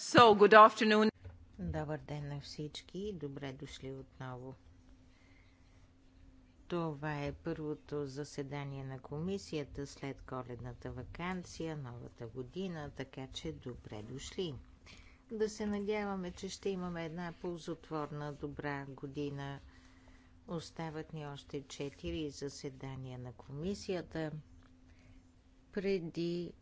So, good afternoon. Добър ден на всички. Добре дошли отново. Това е първото заседание на комисията след коледната вакансия, новата година, така че добре дошли. Да се надяваме, че ще имаме една ползотворна, добра година. Остават ни още 4 заседания на комисията преди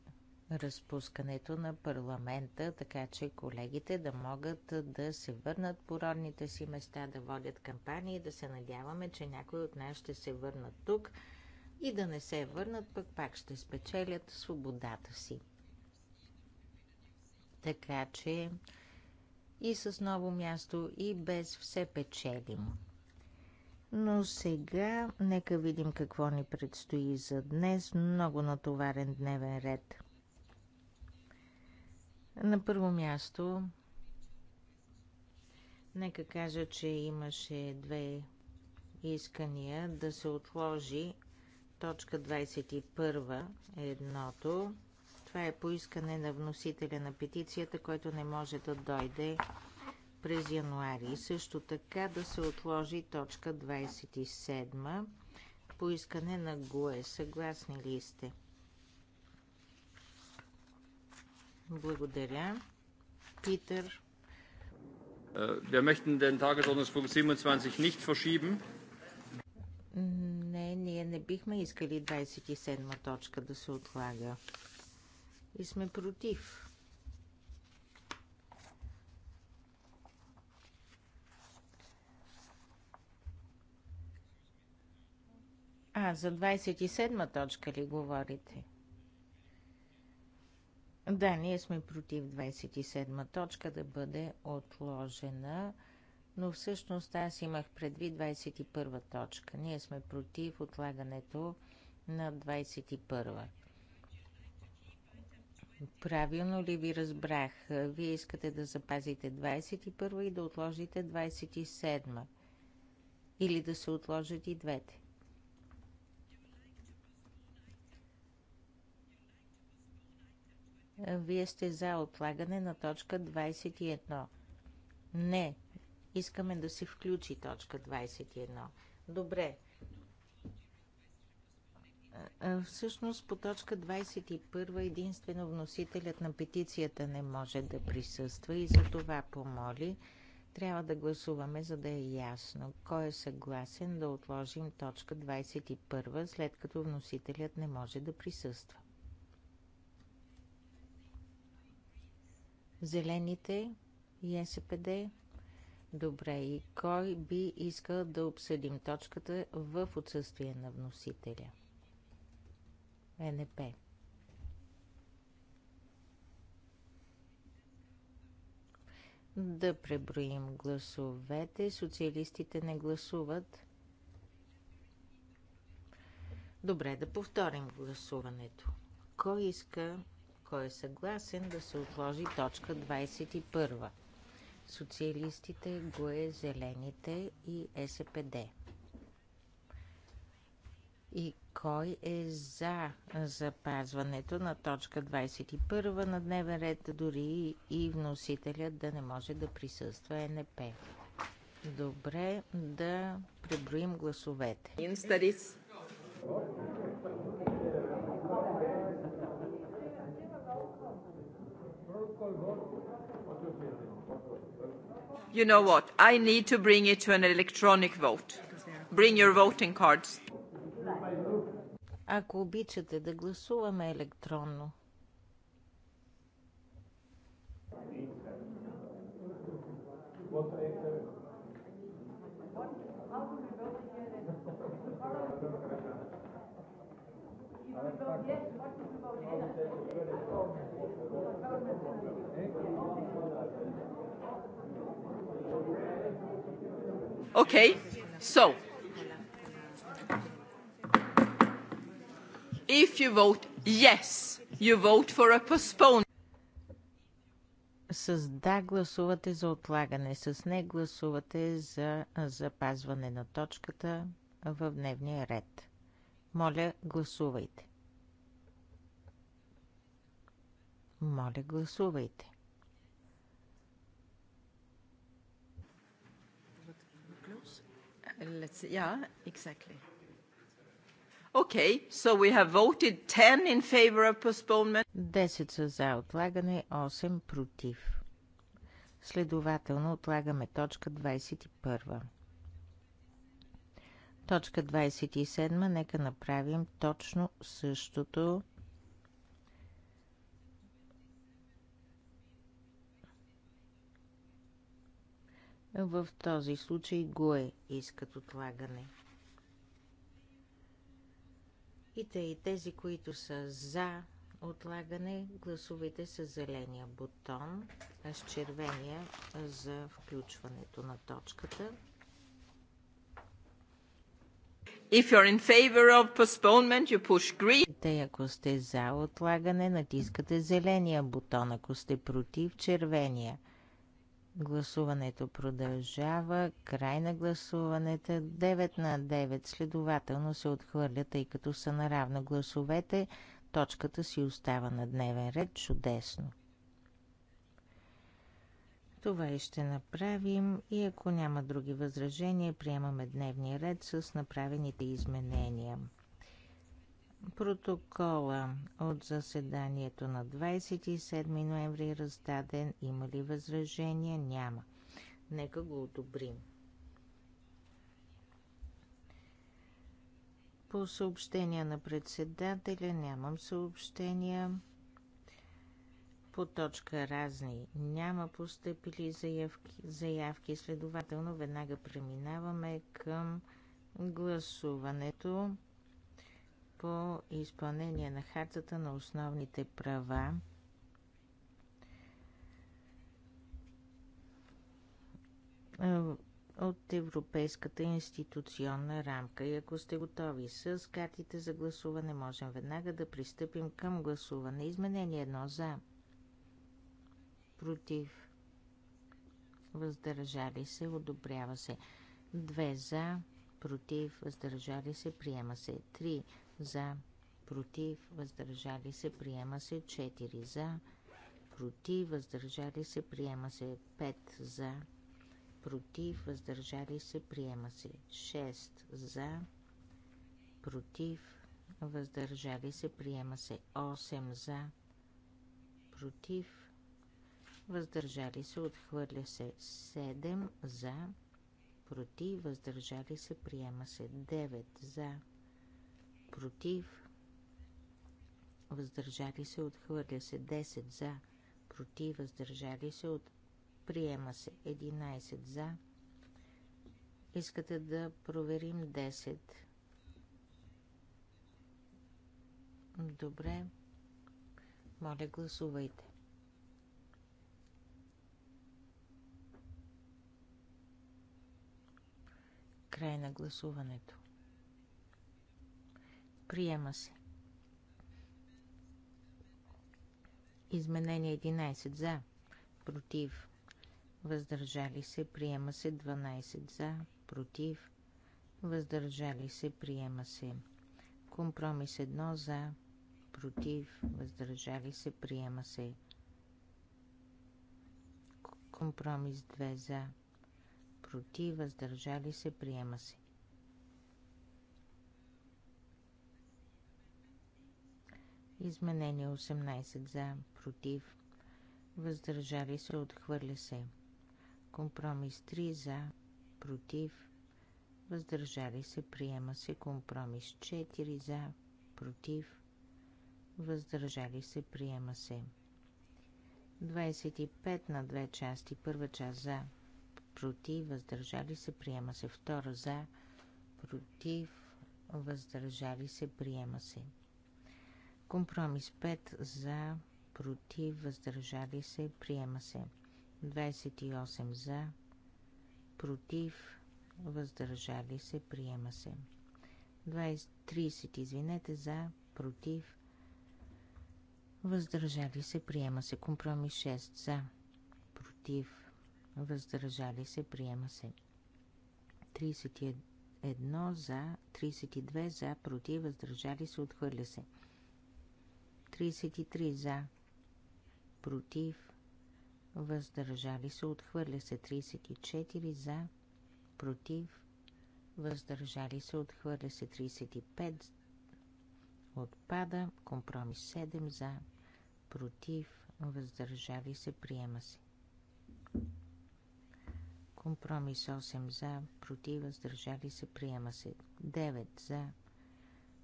разпускането на парламента, така че колегите да могат да се върнат по родните си места, да водят кампании, да се надяваме, че някои от нас ще се върнат тук и да не се върнат, пък пак ще спечелят свободата си. Така че и с ново място, и без все печелим. Но сега нека видим какво ни предстои за днес. Много натоварен дневен ред. На първо място, нека кажа, че имаше две искания да се отложи точка 21 едното. Това е поискане на вносителя на петицията, който не може да дойде през януари. Също така да се отложи точка 27 поискане на ГУЕ. Съгласни ли сте? Благодаря. Питър. Е, wir möchten den Tagesordnungspunkt 27 nicht verschieben. Не, ние не бихме искали 27 точка да се отлага. И сме против. А, за 27 точка ли говорите? Да, ние сме против 27-ма точка да бъде отложена, но всъщност аз имах предвид 21-ва точка. Ние сме против отлагането на 21-ва. Правилно ли ви разбрах? Вие искате да запазите 21 и да отложите 27 ма Или да се отложат и двете? Вие сте за отлагане на точка 21. Не, искаме да се включи точка 21. Добре. Всъщност по точка 21 единствено вносителят на петицията не може да присъства и за това помоли. Трябва да гласуваме, за да е ясно кой е съгласен да отложим точка 21, след като вносителят не може да присъства. Зелените и СПД. Добре, и кой би искал да обсъдим точката в отсъствие на вносителя? НП. Да преброим гласовете. Социалистите не гласуват. Добре, да повторим гласуването. Кой иска кой е съгласен да се отложи точка 21? Социалистите, ГОЕ, Зелените и СПД. И кой е за запазването на точка 21 на дневен ред, дори и вносителят да не може да присъства НП? Добре, да преброим гласовете. Инстарис. You know what? I need to bring it to an electronic vote. Bring your voting cards. Ако обичате да гласуваме електронно. What I Okay, so if you vote yes, you vote for a postponement. С да гласувате за отлагане, с не гласувате за запазване на точката в дневния ред. Моля, гласувайте. Моля, гласувайте. let's see. Yeah, exactly. Okay, so we have voted 10 in favor of postponement. 10 са за отлагане, 8 против. Следователно отлагаме точка 21. Точка 27, нека направим точно същото. В този случай го е искат отлагане. И те и тези, които са за отлагане, гласувайте с зеления бутон, а с червения за включването на точката. If you're in favor of postponement, you push green. Те, ако сте за отлагане, натискате зеления бутон, ако сте против червения. Гласуването продължава. Край на гласуването. 9 на 9. Следователно се отхвърля, тъй като са наравно гласовете. Точката си остава на дневен ред. Чудесно. Това и ще направим и ако няма други възражения, приемаме дневния ред с направените изменения. Протокола от заседанието на 27 ноември е раздаден. Има ли възражения? Няма. Нека го одобрим. По съобщения на председателя нямам съобщения. По точка разни няма поступили заявки, заявки следователно веднага преминаваме към гласуването по изпълнение на хартата на основните права от Европейската институционна рамка. И ако сте готови с картите за гласуване, можем веднага да пристъпим към гласуване. Изменение едно за, против, въздържали се, одобрява се. Две за, против, въздържали се, приема се. три за, против, въздържали се, приема се 4 за, против, въздържали се, приема се 5 за, против, въздържали се, приема се 6 за, против, въздържали се, приема се 8 за, против, въздържали се, отхвърля се 7 за, против, въздържали се, приема се 9 за, против, против, въздържали се, отхвърля се 10 за, против, въздържали се, от... приема се 11 за. Искате да проверим 10. Добре. Моля, гласувайте. Край на гласуването. Приема се. Изменение 11 за. Против. Въздържали се. Приема се. 12 за. Против. Въздържали се. Приема се. Компромис 1 за. Против. Въздържали се. Приема се. Компромис 2 за. Против. Въздържали се. Приема се. Изменение 18 за, против, въздържали се, отхвърля се. Компромис 3 за, против, въздържали се, приема се. Компромис 4 за, против, въздържали се, приема се. 25 на две части. Първа част за, против, въздържали се, приема се. Втора за, против, въздържали се, приема се. Компромис 5 за, против, въздържали се, приема се. 28 за, против, въздържали се, приема се. 20, 30, извинете, за, против, въздържали се, приема се. Компромис 6 за, против, въздържали се, приема се. 31 за, 32 за, против, въздържали се, отхвърля се. 33 за, против, въздържали се, отхвърля се 34 за, против, въздържали се, отхвърля се 35, отпада, компромис 7 за, против, въздържали се, приема се. Компромис 8 за, против, въздържали се, приема се. 9 за,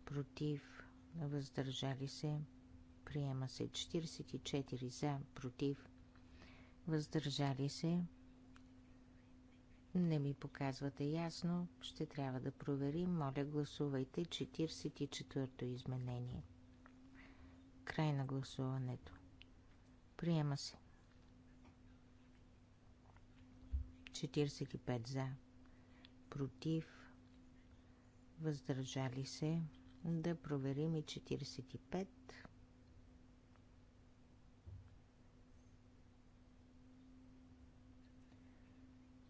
против, въздържали се, Приема се 44 за, против. Въздържали се. Не ми показвате ясно. Ще трябва да проверим. Моля, гласувайте 44-то изменение. Край на гласуването. Приема се. 45 за. Против. Въздържали се. Да проверим и 45.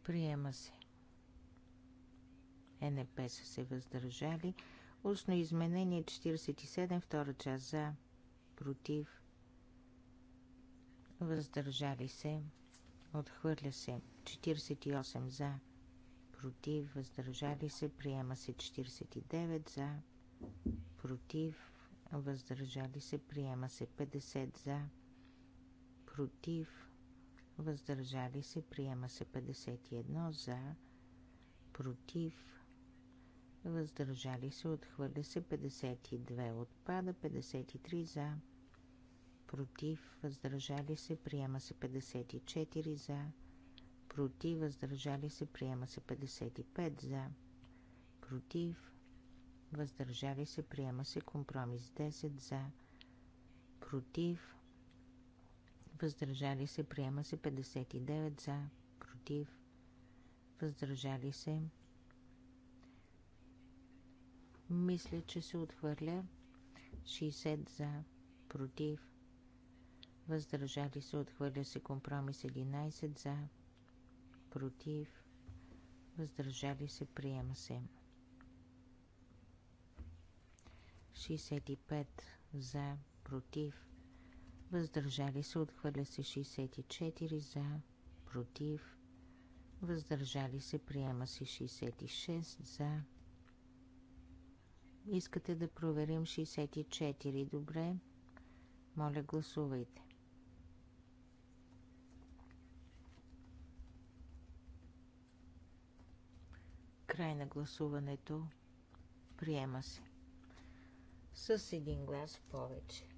Приема се. НП са се въздържали. Устно изменение 47, втора част за, против, въздържали се, отхвърля се 48 за, против, въздържали се, приема се 49 за, против, въздържали се, приема се 50 за, против, въздържали се, приема се 51 за, против, въздържали се, отхвърля се 52, отпада 53 за, против, въздържали се, приема се 54 за, против, въздържали се, приема се 55 за, против, въздържали се, приема се компромис 10 за, против, въздържали се, приема се 59 за, против, въздържали се. Мисля, че се отхвърля 60 за, против, въздържали се, отхвърля се компромис 11 за, против, въздържали се, приема се. 65 за, против, въздържали се, отхвърля се 64 за, против, въздържали се, приема се 66 за. Искате да проверим 64, добре? Моля, гласувайте. Край на гласуването. Приема се. С един глас повече.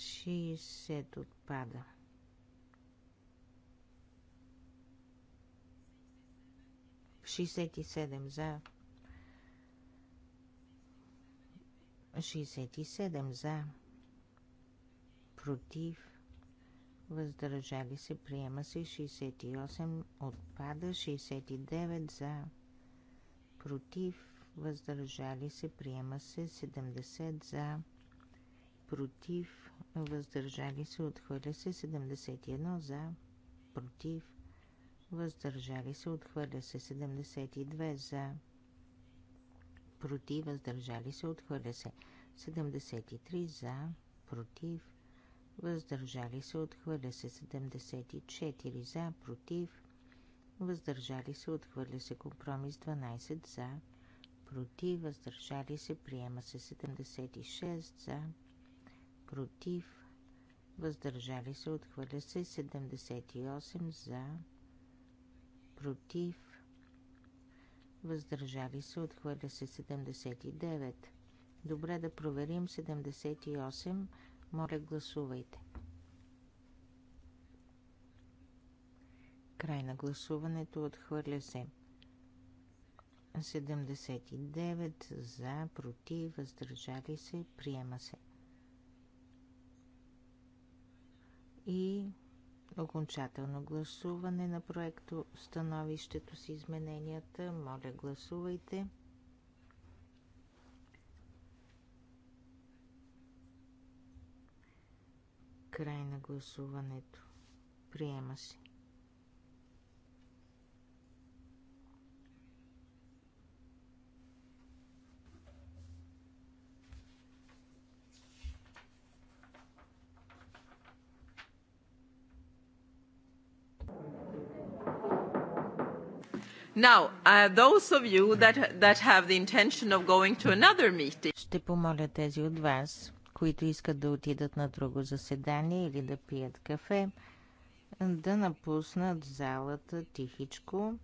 60 отпада. Шестдесет и за. 67 за, против, въздържали се, приема се 68, отпада 69 за, против, въздържали се, приема се 70 за, против, въздържали се, отхвърля се 71 за, против, въздържали се, отхвърля се 72 за, против, въздържали се, отхвърля се 73 за, против, въздържали се, отхвърля се 74 за, против, въздържали се, отхвърля се компромис 12 за, против, въздържали се, приема се 76 за, против, въздържали се, отхвърля се 78 за, против, въздържали се, отхвърля се 79. Добре да проверим 78. Моля, гласувайте. Край на гласуването отхвърля се 79 за, против, въздържали се, приема се и окончателно гласуване на проекто становището с измененията. Моля, гласувайте. Край на гласуването. Приема се. Now, uh, those of you that, that have the intention of going to another meeting... Ще помоля тези от вас, които искат да отидат на друго заседание или да пият кафе, да напуснат залата тихичко,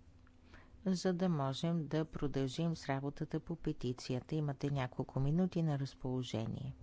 за да можем да продължим с работата по петицията. Имате няколко минути на разположение.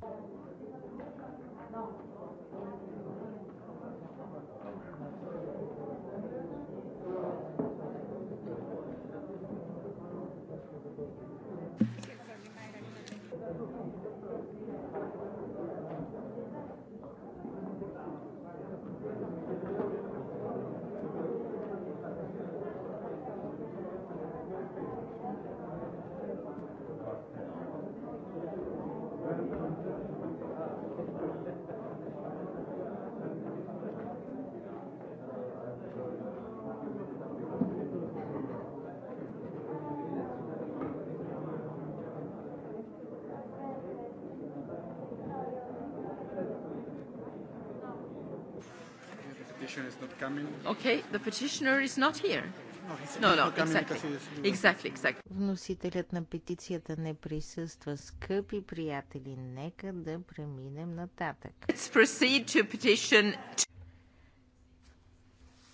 Вносителят на петицията не присъства. Скъпи приятели, нека да преминем нататък. Let's proceed to petition...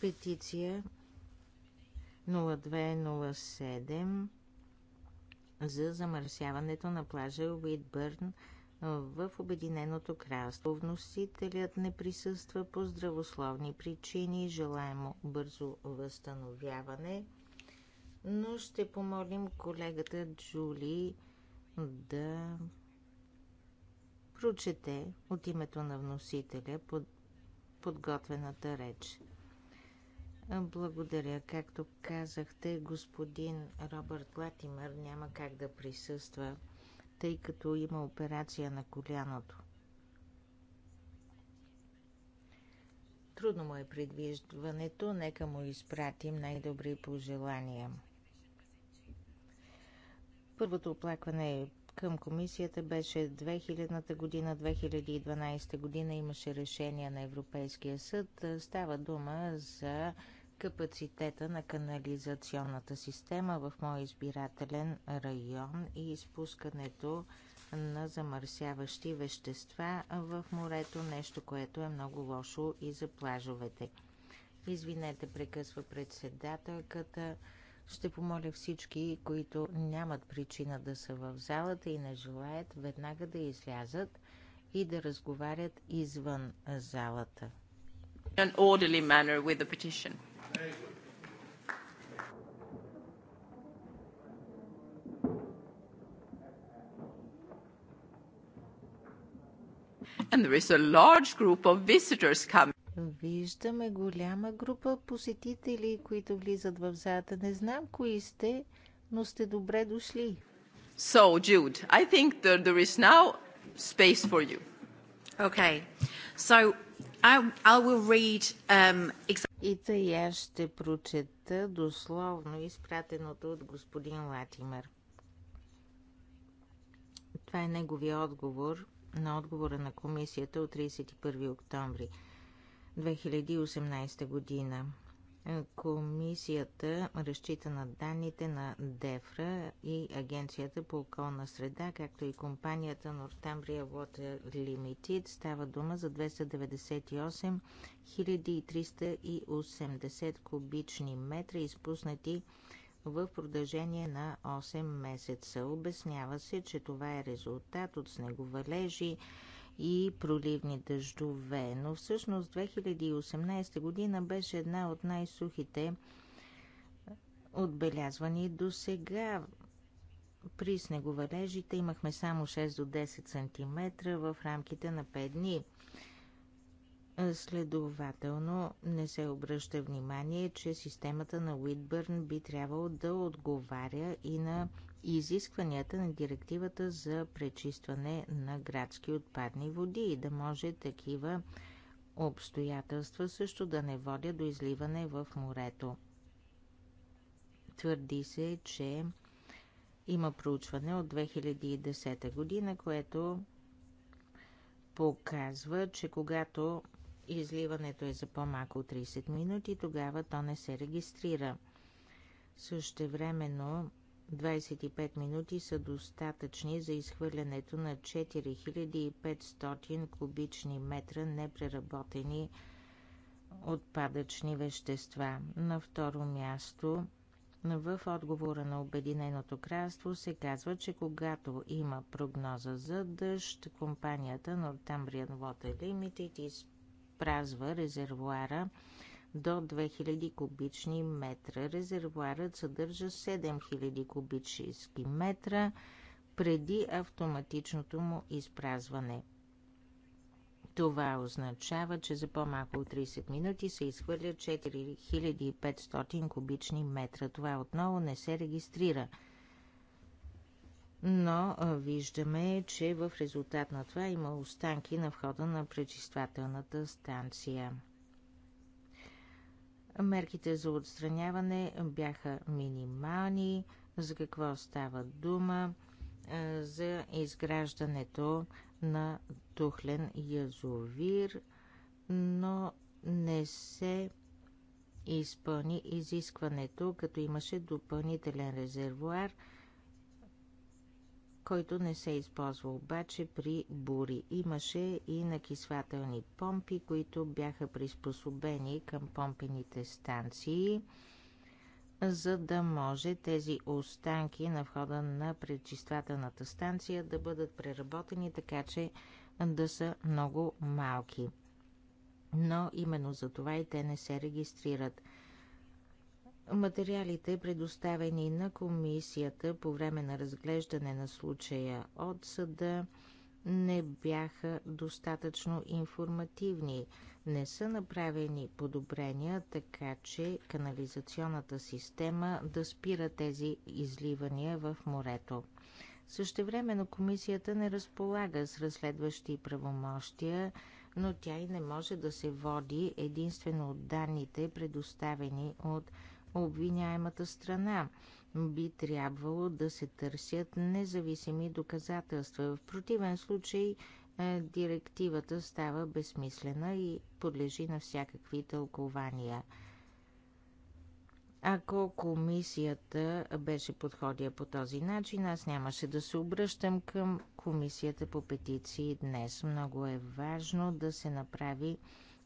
Петиция 0207 за замърсяването на плажа Уитбърн, в Обединеното кралство. Вносителят не присъства по здравословни причини, желаемо бързо възстановяване, но ще помолим колегата Джули да прочете от името на вносителя под подготвената реч. Благодаря. Както казахте, господин Робърт Латимър няма как да присъства тъй като има операция на коляното. Трудно му е предвиждането, нека му изпратим най-добри пожелания. Първото оплакване към комисията беше 2000 година, 2012 година имаше решение на Европейския съд. Става дума за капацитета на канализационната система в моя избирателен район и изпускането на замърсяващи вещества в морето, нещо, което е много лошо и за плажовете. Извинете, прекъсва председателката. Ще помоля всички, които нямат причина да са в залата и не желаят, веднага да излязат и да разговарят извън залата an orderly manner with the petition. And there is a large group of visitors coming. Виждаме голяма група посетители, които влизат в залата. Не знам кои сте, но сте добре дошли. So, Jude, I think that there is now space for you. Okay. So, I, I will read, um, И тъй аз ще прочета дословно изпратеното от господин Латимер. Това е неговия отговор на отговора на комисията от 31 октомври 2018 година. Комисията разчита на данните на ДЕФРА и Агенцията по околна среда, както и компанията Northumbria Water Limited. Става дума за 298 380 кубични метра, изпуснати в продължение на 8 месеца. Обяснява се, че това е резултат от снеговалежи, и проливни дъждове. Но всъщност 2018 година беше една от най-сухите отбелязвани до сега. При снеговалежите имахме само 6 до 10 см в рамките на 5 дни. Следователно не се обръща внимание, че системата на Уитбърн би трябвало да отговаря и на изискванията на директивата за пречистване на градски отпадни води и да може такива обстоятелства също да не водят до изливане в морето. Твърди се, че има проучване от 2010 година, което показва, че когато изливането е за по-малко от 30 минути, тогава то не се регистрира. Същевременно 25 минути са достатъчни за изхвърлянето на 4500 кубични метра непреработени отпадъчни вещества. На второ място, в отговора на Обединеното кралство се казва, че когато има прогноза за дъжд, компанията Northumbrian Water Limited изпразва резервуара до 2000 кубични метра. Резервуарът съдържа 7000 кубически метра преди автоматичното му изпразване. Това означава, че за по-малко от 30 минути се изхвърлят 4500 кубични метра. Това отново не се регистрира. Но виждаме, че в резултат на това има останки на входа на пречиствателната станция. Мерките за отстраняване бяха минимални. За какво става дума? За изграждането на тухлен язовир, но не се изпълни изискването, като имаше допълнителен резервуар – който не се използва обаче при бури. Имаше и накисвателни помпи, които бяха приспособени към помпените станции, за да може тези останки на входа на предчиствателната станция да бъдат преработени така, че да са много малки. Но именно за това и те не се регистрират. Материалите, предоставени на комисията по време на разглеждане на случая от съда, не бяха достатъчно информативни. Не са направени подобрения, така че канализационната система да спира тези изливания в морето. Същевременно комисията не разполага с разследващи правомощия, но тя и не може да се води единствено от данните, предоставени от обвиняемата страна. Би трябвало да се търсят независими доказателства. В противен случай е, директивата става безсмислена и подлежи на всякакви тълкования. Ако комисията беше подходя по този начин, аз нямаше да се обръщам към комисията по петиции днес. Много е важно да се направи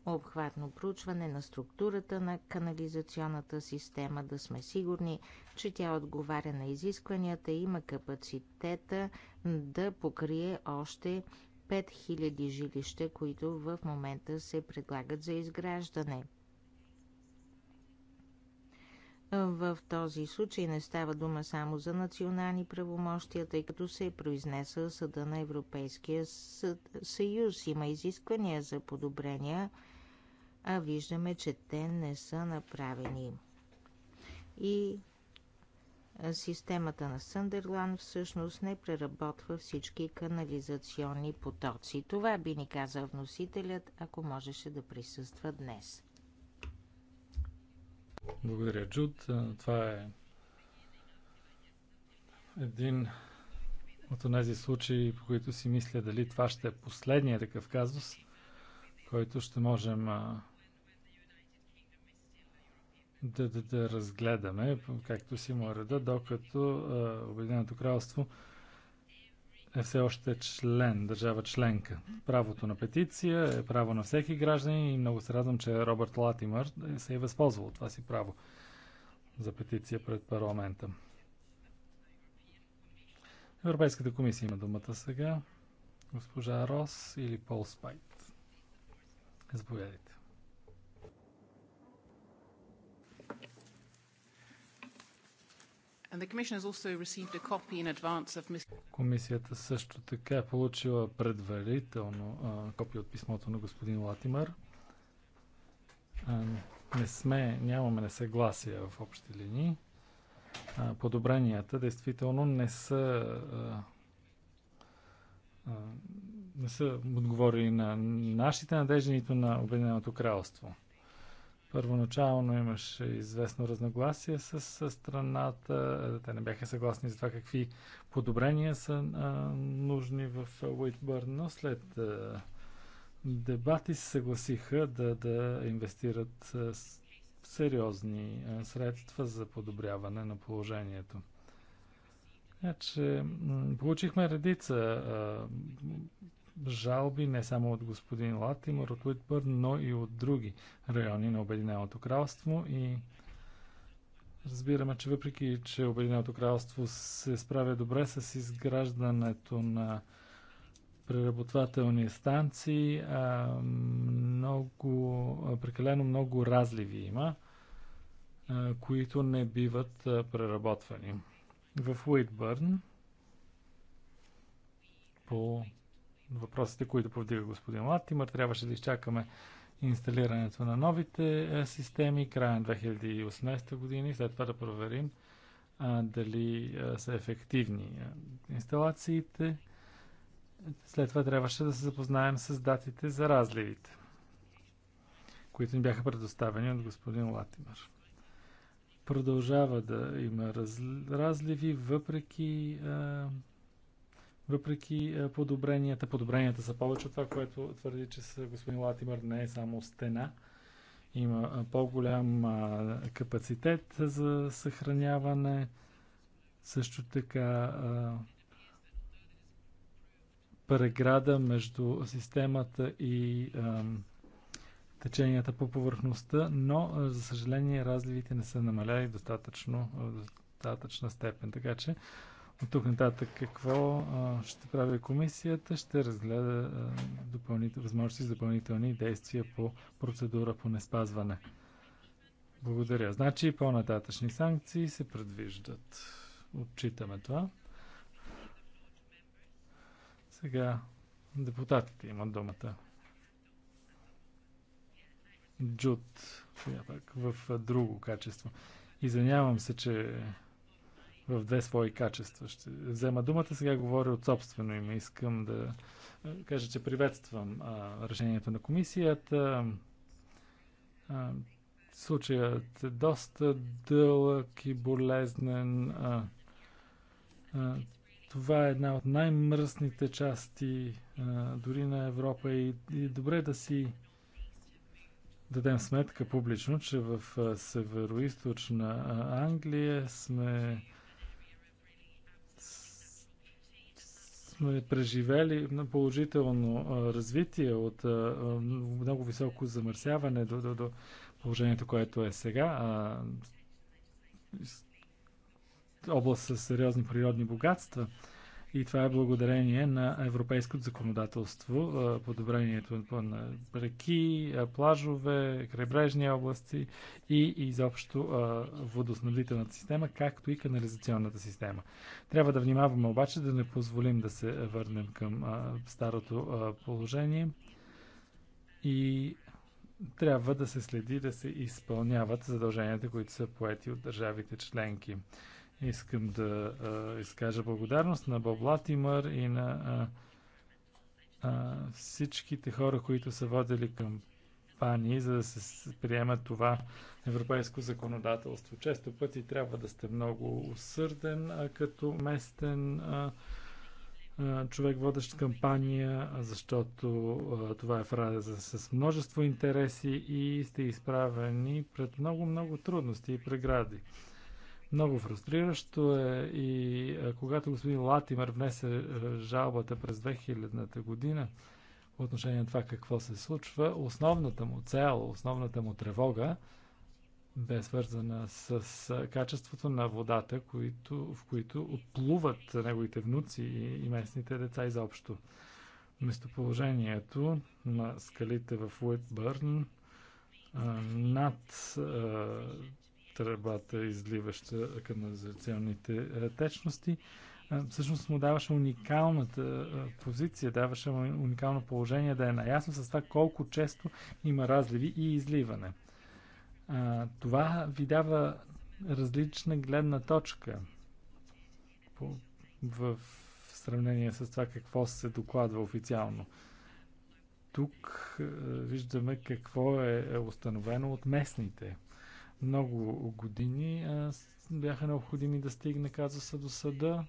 обхватно проучване на структурата на канализационната система, да сме сигурни, че тя отговаря на изискванията и има капацитета да покрие още 5000 жилища, които в момента се предлагат за изграждане. В този случай не става дума само за национални правомощия, тъй като се е произнесъл Съда на Европейския съюз. Има изисквания за подобрения – а виждаме, че те не са направени. И системата на Съндерлан всъщност не преработва всички канализационни потоци. Това би ни казал вносителят, ако можеше да присъства днес. Благодаря, Джуд. Това е един от тези случаи, по които си мисля дали това ще е последния такъв казус, който ще можем да, да, да разгледаме, както си му реда, докато Обединеното кралство е все още член, държава членка. Правото на петиция е право на всеки граждан и много се радвам, че Робърт Латимър се е възползвал от това си право за петиция пред парламента. Европейската комисия има думата сега. Госпожа Рос или Пол Спайт. Заповядайте. Комисията също така е получила предварително копия от писмото на господин Латимър. Не сме, нямаме несъгласие в общи линии. Подобренията действително не са не са отговорили на нашите надежди, нито на Обединеното кралство. Първоначално имаше известно разногласие с, страната. Те не бяха съгласни за това какви подобрения са а, нужни в Уитбърн, но след а, дебати се съгласиха да, да инвестират а, сериозни а, средства за подобряване на положението. Значи, получихме редица а, жалби не само от господин Латимор от Уитбърн, но и от други райони на Обединеното кралство и разбираме, че въпреки, че Обединеното кралство се справя добре с изграждането на преработвателни станции, много, прекалено много разливи има, които не биват преработвани. В Уитбърн по въпросите, които повдига господин Латимър. Трябваше да изчакаме инсталирането на новите е, системи, края на 2018 година и след това да проверим а, дали а, е, са ефективни е, инсталациите. След това трябваше да се запознаем с датите за разливите, които ни бяха предоставени от господин Латимер. Продължава да има раз, разливи, въпреки а, въпреки е, подобренията. Подобренията са повече от това, което твърди, че с господин Латимър не е само стена. Има е, по-голям е, капацитет за съхраняване. Също така преграда между системата и теченията по повърхността, но за съжаление разливите не са намаляли достатъчно, достатъчна степен. Така че от тук нататък какво а, ще прави комисията? Ще разгледа възможности за допълнителни действия по процедура по неспазване. Благодаря. Значи по-нататъчни санкции се предвиждат. Отчитаме това. Сега депутатите имат думата. Джуд, е в друго качество. Извинявам се, че в две свои качества. Ще взема думата, сега говоря от собствено име. Искам да кажа, че приветствам а, решението на комисията. А, случаят е доста дълъг и болезнен. А, а, това е една от най-мръсните части а, дори на Европа и, и добре да си дадем сметка публично, че в северо-источна Англия сме сме преживели на положително развитие от много високо замърсяване до, до, до положението, което е сега. Област с сериозни природни богатства – и това е благодарение на европейското законодателство, подобрението на реки, плажове, крайбрежни области и изобщо водоснабдителната система, както и канализационната система. Трябва да внимаваме обаче да не позволим да се върнем към старото положение и трябва да се следи да се изпълняват задълженията, които са поети от държавите членки. Искам да а, изкажа благодарност на Боб Латимър и на а, а, всичките хора, които са водили кампании, за да се приемат това европейско законодателство. Често пъти трябва да сте много усърден а, като местен а, а, човек, водещ кампания, защото а, това е фраза с множество интереси и сте изправени пред много-много трудности и прегради. Много фрустриращо е и е, когато господин Латимер внесе е, жалбата през 2000-та година по отношение на това какво се случва, основната му цел, основната му тревога бе свързана с е, качеството на водата, които, в които отплуват неговите внуци и, и местните деца изобщо. Местоположението на скалите в Уитбърн над тръбата, изливаща канализационните е, течности, е, всъщност му даваше уникалната е, позиция, даваше уникално положение да е наясно с това колко често има разливи и изливане. Това ви дава различна гледна точка в сравнение с това какво се докладва официално тук виждаме какво е установено от местните. Много години а, бяха необходими да стигне казуса до съда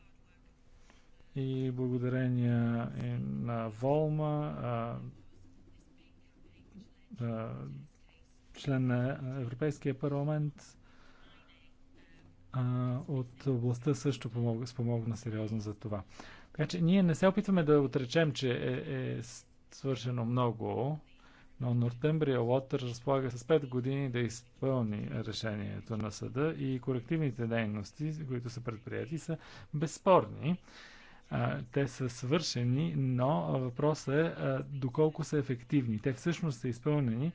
и благодарение е, на Волма, а, а, член на Европейския парламент, а, от областта също помог, спомогна сериозно за това. Така че ние не се опитваме да отречем, че е, е свършено много, но Нортембрия Лотър разполага с 5 години да изпълни решението на съда и корективните дейности, които са предприяти, са безспорни. Те са свършени, но въпросът е доколко са ефективни. Те всъщност са изпълнени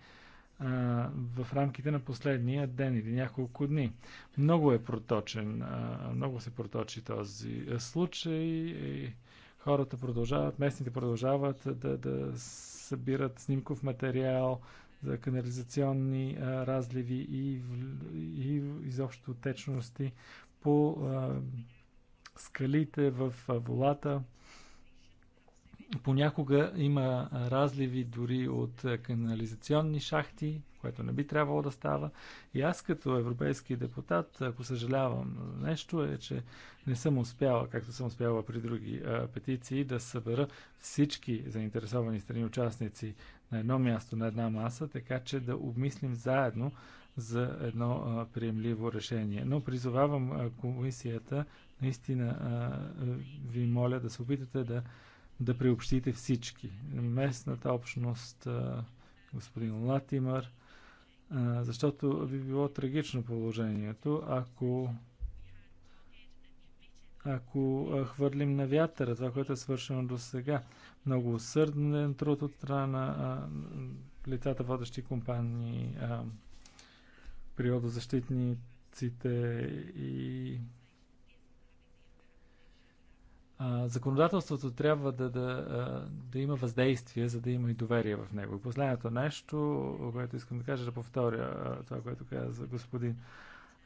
в рамките на последния ден или няколко дни. Много е проточен, много се проточи този случай. и Хората продължават, местните продължават да, да събират снимков материал за канализационни а, разливи и, и изобщо течности по а, скалите в а, волата. Понякога има разливи дори от канализационни шахти което не би трябвало да става. И аз като европейски депутат, ако съжалявам нещо, е, че не съм успяла, както съм успяла при други а, петиции, да събера всички заинтересовани страни участници на едно място, на една маса, така че да обмислим заедно за едно а, приемливо решение. Но призовавам а, комисията, наистина а, ви моля да се опитате да, да приобщите всички. Местната общност, а, господин Латимър, защото би било трагично положението, ако ако хвърлим на вятъра това, което е свършено до сега. Много усърден труд от страна на лицата, водещи компании, природозащитниците и законодателството трябва да, да, да има въздействие, за да има и доверие в него. И последното нещо, което искам да кажа, да повторя това, което каза господин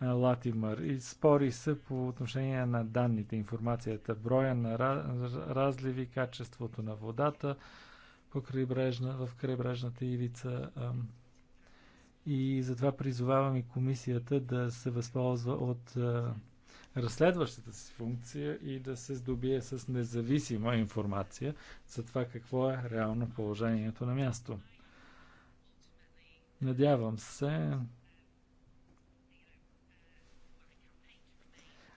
Латимър. И спори се по отношение на данните, информацията, броя на разливи, качеството на водата по крайбрежна, в крайбрежната ивица. И затова призовавам и комисията да се възползва от разследващата си функция и да се здобие с независима информация за това какво е реално положението на място. Надявам се.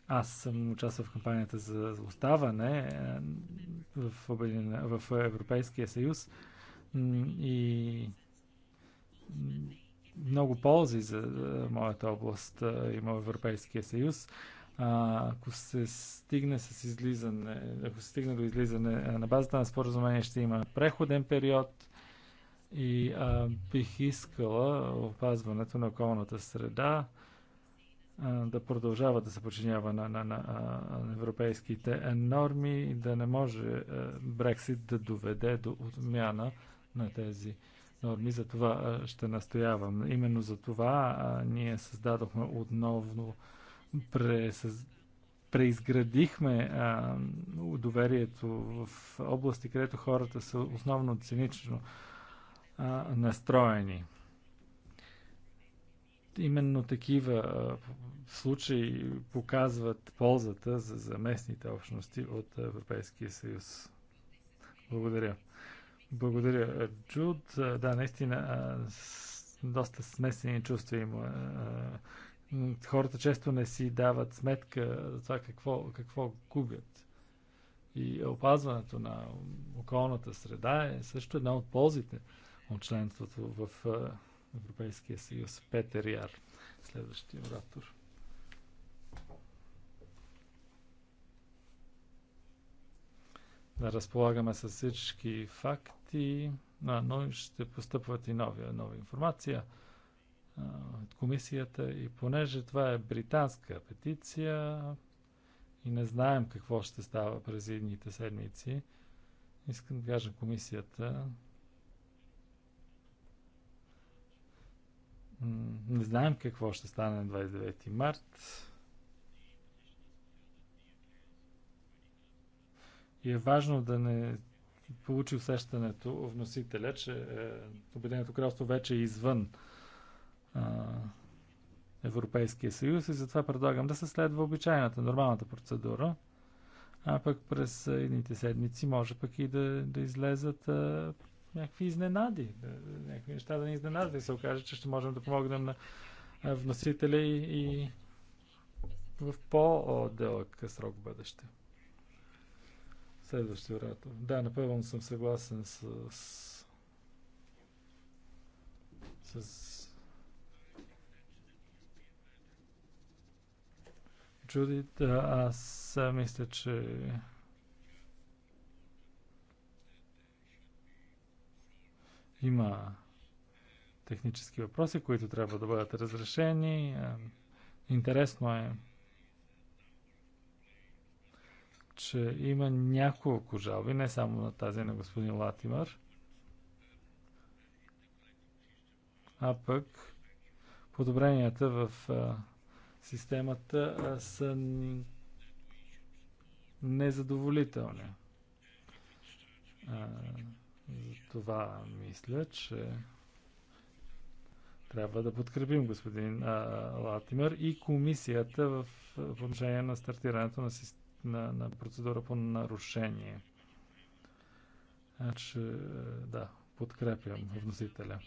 Аз съм участвал в кампанията за оставане е, в, обедин... в Европейския съюз и много ползи за е, моята област е, има Европейския съюз. А, ако се стигне с излизане, ако се стигне до излизане на базата на споразумение, ще има преходен период и а, бих искала опазването на околната среда а, да продължава да се подчинява на, на, на, на европейските норми и да не може Брексит да доведе до отмяна на тези норми. За това ще настоявам. Именно за това а, ние създадохме отново преизградихме а, доверието в области, където хората са основно цинично а, настроени. Именно такива а, случаи показват ползата за, за местните общности от Европейския съюз. Благодаря. Благодаря, Джуд. Да, наистина доста смесени чувства има хората често не си дават сметка за това какво, какво губят. И опазването на околната среда е също една от ползите от членството в е, Европейския съюз. Петър Яр, следващия оратор. Да разполагаме с всички факти, но ще постъпват и нови, нова информация от комисията и понеже това е британска петиция и не знаем какво ще става през едните седмици, искам да кажа комисията не знаем какво ще стане на 29 март. И е важно да не получи усещането вносителя, че е, Обединеното кралство вече е извън Европейския съюз и затова предлагам да се следва обичайната, нормалната процедура. А пък през едните седмици може пък и да, да излезат а, някакви изненади, да, някакви неща да ни изненадат и се окаже, че ще можем да помогнем на вносителя и, и в по-дълъг срок в бъдеще. Следващия оратор. Да, напълно съм съгласен с, с, с Джудит, аз мисля, че има технически въпроси, които трябва да бъдат разрешени. Интересно е, че има няколко жалби, не само на тази на господин Латимър, а пък подобренията в системата са незадоволителни. Затова мисля, че трябва да подкрепим господин а, Латимер и комисията в, в отношение на стартирането на, на, на процедура по нарушение. Значи, да, подкрепям вносителя.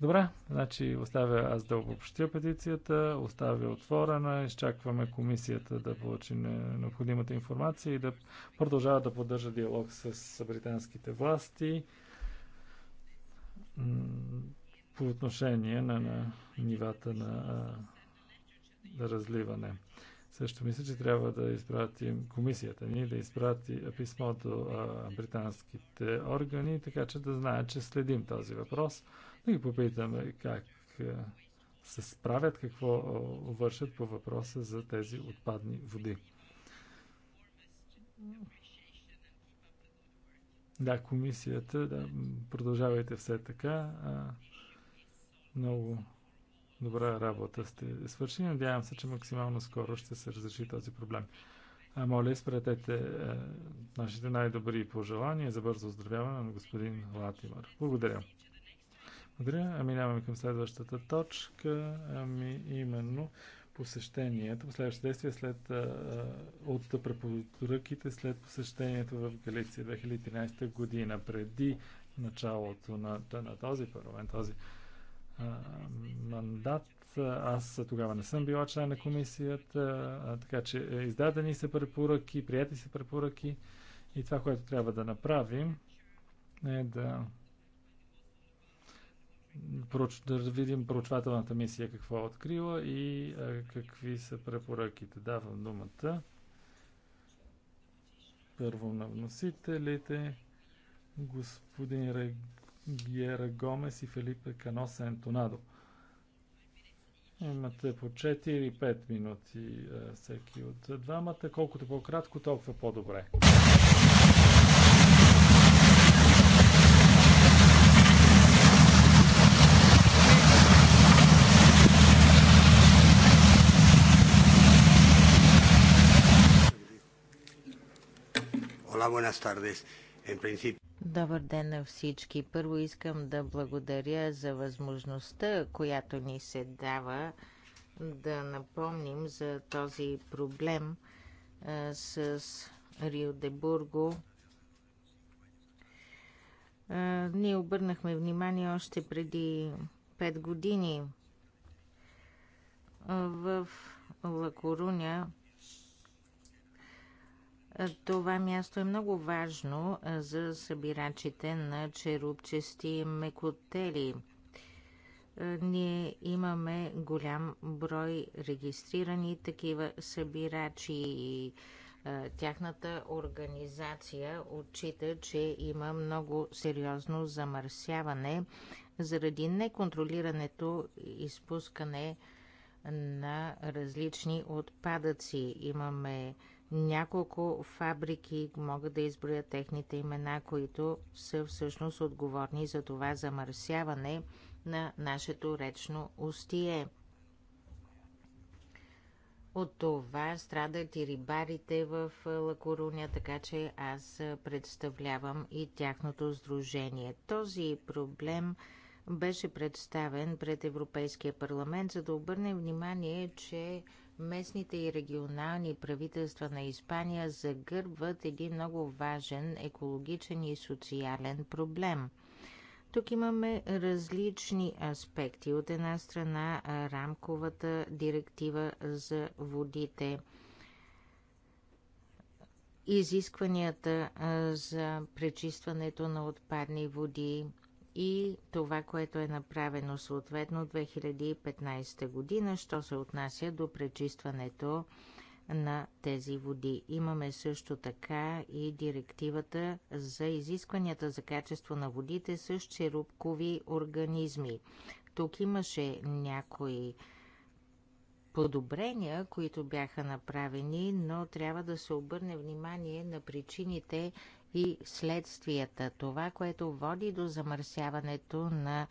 Добре, значи оставя аз да обобщя петицията, оставя отворена, изчакваме комисията да получи необходимата информация и да продължава да поддържа диалог с британските власти по отношение на, на нивата на, на разливане. Също мисля, че трябва да изпратим комисията ни, да изпрати писмо до а, британските органи, така че да знаят, че следим този въпрос. Да ги попитаме как а, се справят, какво а, вършат по въпроса за тези отпадни води. Да, комисията, да, продължавайте все така. А, много добра работа сте свършили. Надявам се, че максимално скоро ще се разреши този проблем. А, моля, изпратете е, нашите най-добри пожелания за бързо оздравяване на господин Латимар. Благодаря. Благодаря. Ами нямаме към следващата точка. Ами именно посещението, последващо действие след, а, от препоръките след посещението в Галиция 2013 година, преди началото на, на този парламент, този мандат. Аз тогава не съм била член на комисията, така че е, издадени са препоръки, прияти са препоръки и това, което трябва да направим е да да видим проучвателната мисия какво е открила и какви са препоръките. Давам думата първо на вносителите. Господин Рег... Гиера Гомес и Филипе Каноса Ентонадо. Имате по 4 или 5 минути е, всеки от двамата. Колкото по-кратко, толкова по-добре. Hola, buenas tardes. Добър ден на всички. Първо искам да благодаря за възможността, която ни се дава да напомним за този проблем а, с Рио де Бурго. А, ние обърнахме внимание още преди 5 години в Лакоруня това място е много важно за събирачите на черупчести мекотели. Ние имаме голям брой регистрирани такива събирачи и тяхната организация отчита, че има много сериозно замърсяване заради неконтролирането изпускане на различни отпадъци. Имаме няколко фабрики могат да изброя техните имена, които са всъщност отговорни за това замърсяване на нашето речно устие. От това страдат и рибарите в Лакоруня, така че аз представлявам и тяхното сдружение. Този проблем беше представен пред Европейския парламент, за да обърнем внимание, че Местните и регионални правителства на Испания загърбват един много важен екологичен и социален проблем. Тук имаме различни аспекти. От една страна рамковата директива за водите, изискванията за пречистването на отпадни води, и това, което е направено съответно 2015 година, що се отнася до пречистването на тези води. Имаме също така и директивата за изискванията за качество на водите с черупкови организми. Тук имаше някои подобрения, които бяха направени, но трябва да се обърне внимание на причините и следствията. Това, което води до замърсяването на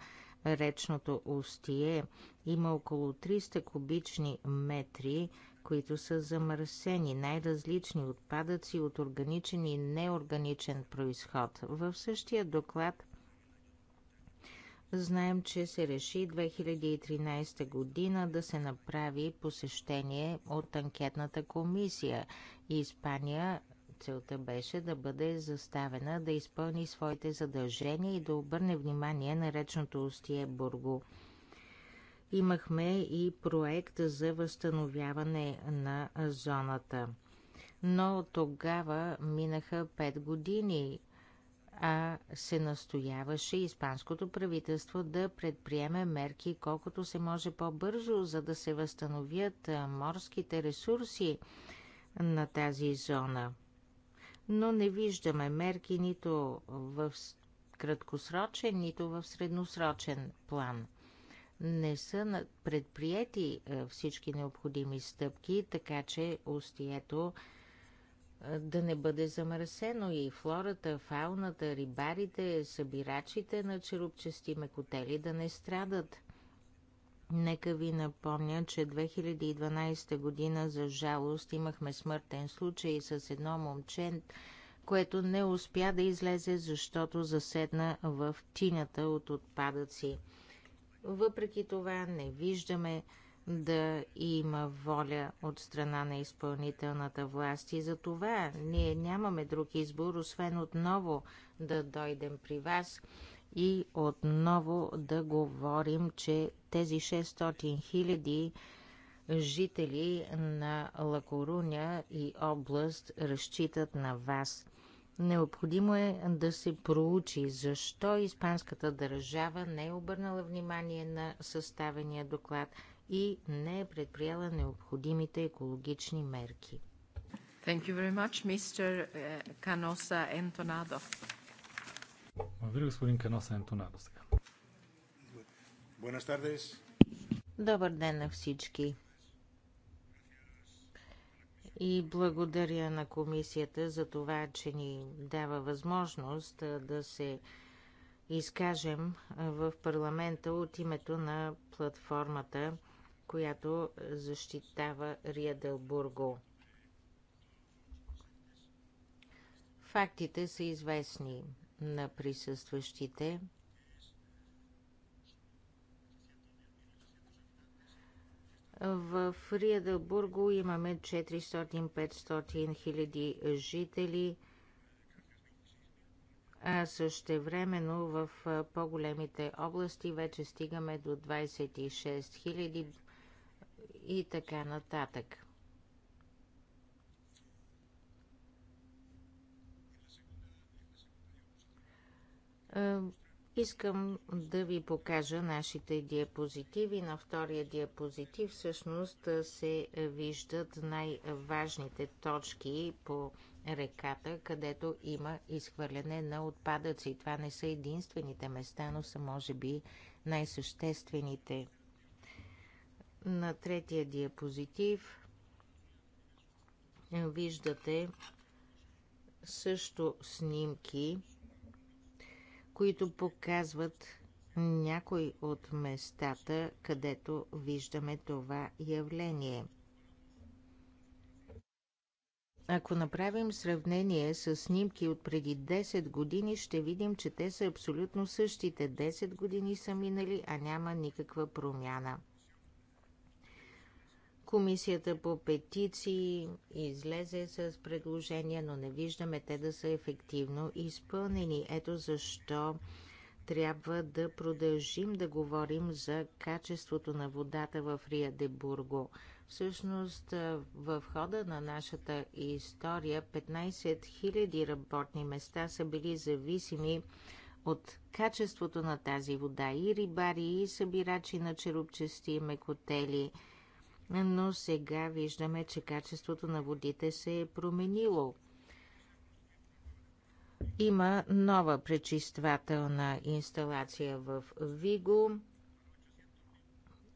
речното устие, има около 300 кубични метри, които са замърсени, най-различни отпадъци от органичен и неорганичен происход. В същия доклад знаем, че се реши 2013 година да се направи посещение от анкетната комисия. Испания Целта беше да бъде заставена да изпълни своите задължения и да обърне внимание на речното устие Бурго. Имахме и проект за възстановяване на зоната. Но тогава минаха 5 години а се настояваше испанското правителство да предприеме мерки колкото се може по-бързо, за да се възстановят морските ресурси на тази зона но не виждаме мерки нито в краткосрочен, нито в средносрочен план. Не са предприяти е, всички необходими стъпки, така че устието е, да не бъде замърсено и флората, фауната, рибарите, събирачите на черупчести мекотели да не страдат – Нека ви напомня, че 2012 година за жалост имахме смъртен случай с едно момче, което не успя да излезе, защото заседна в тинята от отпадъци. Въпреки това не виждаме да има воля от страна на изпълнителната власт и за това ние нямаме друг избор, освен отново да дойдем при вас – и отново да говорим, че тези 600 хиляди жители на Лакоруня и област разчитат на вас. Необходимо е да се проучи защо испанската държава не е обърнала внимание на съставения доклад и не е предприела необходимите екологични мерки. Thank you very much, Mr. Е, Canosa Entonado. Благодаря, господин Каноса Ентонадо сега. Добър ден на всички. И благодаря на комисията за това, че ни дава възможност да се изкажем в парламента от името на платформата, която защитава Риадълбурго. Фактите са известни на присъстващите. В Риедълбурго имаме 400-500 хиляди жители, а също времено в по-големите области вече стигаме до 26 хиляди и така нататък. Е, искам да ви покажа нашите диапозитиви. На втория диапозитив всъщност се виждат най-важните точки по реката, където има изхвърляне на отпадъци. Това не са единствените места, но са може би най-съществените. На третия диапозитив виждате също снимки които показват някои от местата, където виждаме това явление. Ако направим сравнение с снимки от преди 10 години, ще видим, че те са абсолютно същите. 10 години са минали, а няма никаква промяна. Комисията по петиции излезе с предложения, но не виждаме те да са ефективно изпълнени. Ето защо трябва да продължим да говорим за качеството на водата в Рия де Бурго. Всъщност, в хода на нашата история 15 000 работни места са били зависими от качеството на тази вода и рибари, и събирачи на черупчести и мекотели – но сега виждаме, че качеството на водите се е променило. Има нова пречиствателна инсталация в Виго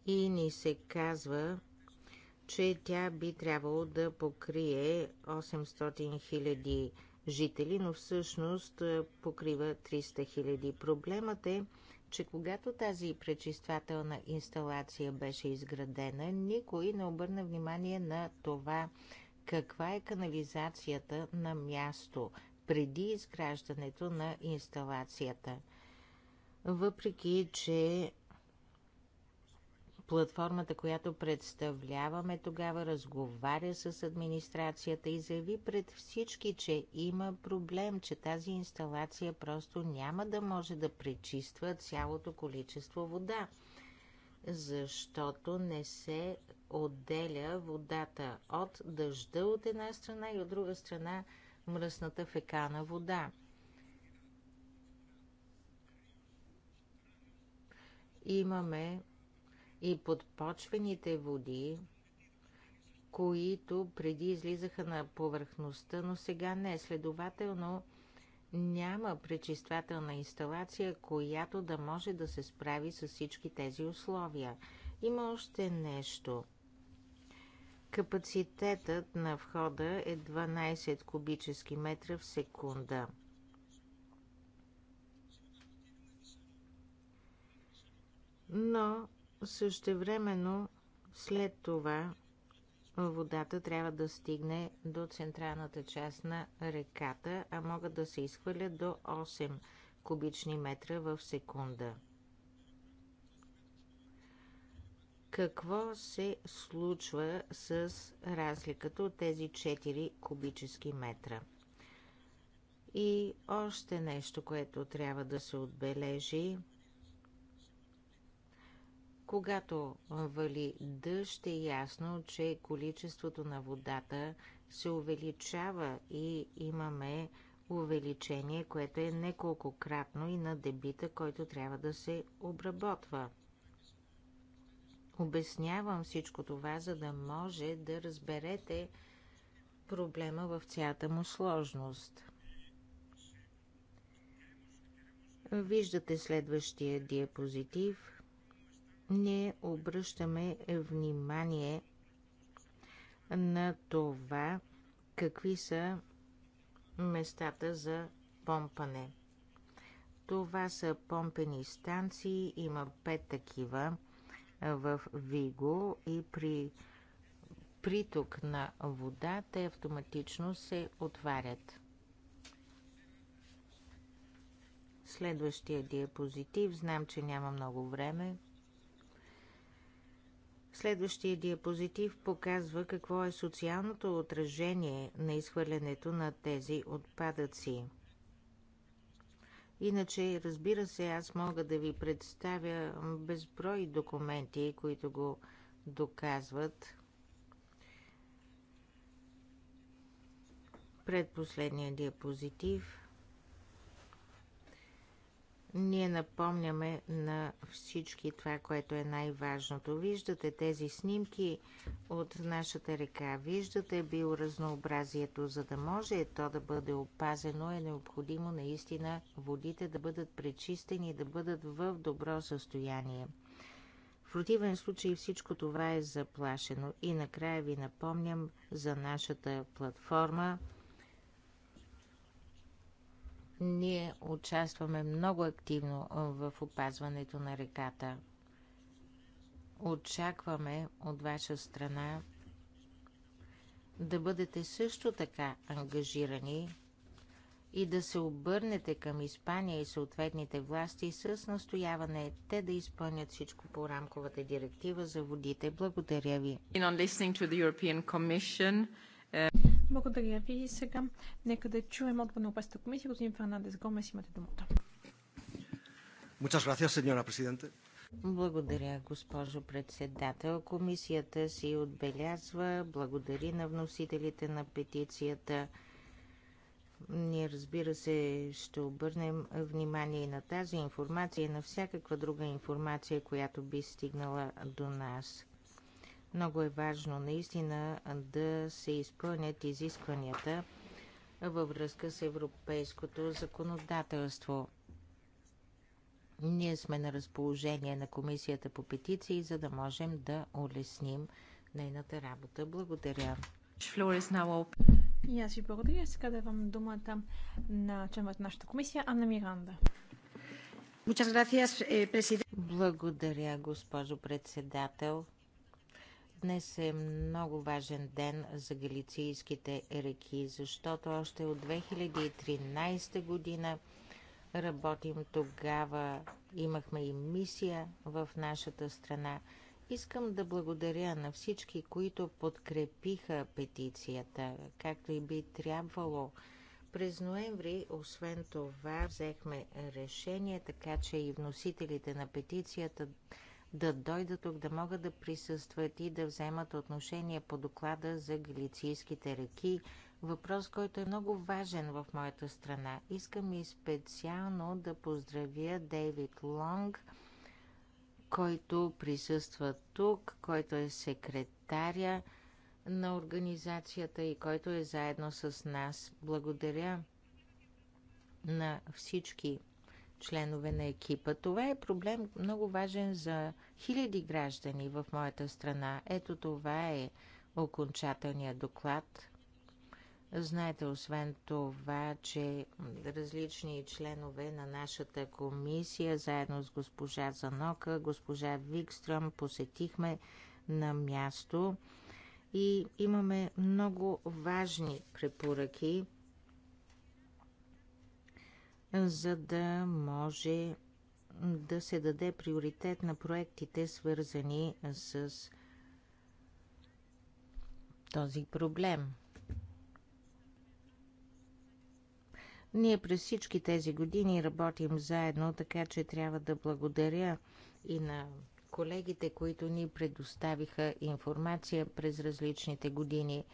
и ни се казва, че тя би трябвало да покрие 800 000 жители, но всъщност покрива 300 000. Проблемът е, че когато тази пречиствателна инсталация беше изградена, никой не обърна внимание на това каква е канализацията на място преди изграждането на инсталацията. Въпреки, че Платформата, която представляваме тогава, разговаря с администрацията и заяви пред всички, че има проблем, че тази инсталация просто няма да може да пречиства цялото количество вода, защото не се отделя водата от дъжда от една страна и от друга страна мръсната фекана вода. Имаме и подпочвените води, които преди излизаха на повърхността, но сега не. Следователно няма пречиствателна инсталация, която да може да се справи с всички тези условия. Има още нещо. Капацитетът на входа е 12 кубически метра в секунда. Но Същевременно след това водата трябва да стигне до централната част на реката, а могат да се изхвърлят до 8 кубични метра в секунда. Какво се случва с разликата от тези 4 кубически метра? И още нещо, което трябва да се отбележи – когато вали дъжд, е ясно, че количеството на водата се увеличава и имаме увеличение, което е неколкократно и на дебита, който трябва да се обработва. Обяснявам всичко това, за да може да разберете проблема в цялата му сложност. Виждате следващия диапозитив ние обръщаме внимание на това, какви са местата за помпане. Това са помпени станции, има пет такива в Виго и при приток на вода те автоматично се отварят. Следващия диапозитив, знам, че няма много време. Следващия диапозитив показва какво е социалното отражение на изхвърлянето на тези отпадъци. Иначе, разбира се, аз мога да ви представя безброй документи, които го доказват. Предпоследния диапозитив – ние напомняме на всички това, което е най-важното. Виждате тези снимки от нашата река, виждате биоразнообразието, за да може то да бъде опазено е необходимо наистина водите да бъдат пречистени, да бъдат в добро състояние. В противен случай всичко това е заплашено. И накрая ви напомням за нашата платформа – ние участваме много активно в опазването на реката. Очакваме от ваша страна да бъдете също така ангажирани и да се обърнете към Испания и съответните власти с настояване те да изпълнят всичко по рамковата директива за водите. Благодаря ви. Благодаря ви. И сега нека да чуем отговор на Европейската комисия. Господин Фернандес Гомес, имате думата. Благодаря, госпожо председател. Комисията си отбелязва, благодари на вносителите на петицията. Ние, разбира се, ще обърнем внимание и на тази информация и на всякаква друга информация, която би стигнала до нас. Много е важно наистина да се изпълнят изискванията във връзка с европейското законодателство. Ние сме на разположение на Комисията по петиции, за да можем да улесним нейната работа. Благодаря. И аз ви благодаря. Сега давам думата на членът на нашата комисия, Анна Миранда. Eh, благодаря, госпожо председател. Днес е много важен ден за галицийските реки, защото още от 2013 година работим тогава. Имахме и мисия в нашата страна. Искам да благодаря на всички, които подкрепиха петицията, както и би трябвало. През ноември, освен това, взехме решение, така че и вносителите на петицията да дойдат тук, да могат да присъстват и да вземат отношение по доклада за галицийските реки. Въпрос, който е много важен в моята страна. Искам и специално да поздравя Дейвид Лонг, който присъства тук, който е секретаря на организацията и който е заедно с нас. Благодаря на всички членове на екипа. Това е проблем много важен за хиляди граждани в моята страна. Ето това е окончателният доклад. Знаете, освен това, че различни членове на нашата комисия, заедно с госпожа Занока, госпожа Викстрам, посетихме на място и имаме много важни препоръки – за да може да се даде приоритет на проектите, свързани с този проблем. Ние през всички тези години работим заедно, така че трябва да благодаря и на колегите, които ни предоставиха информация през различните години –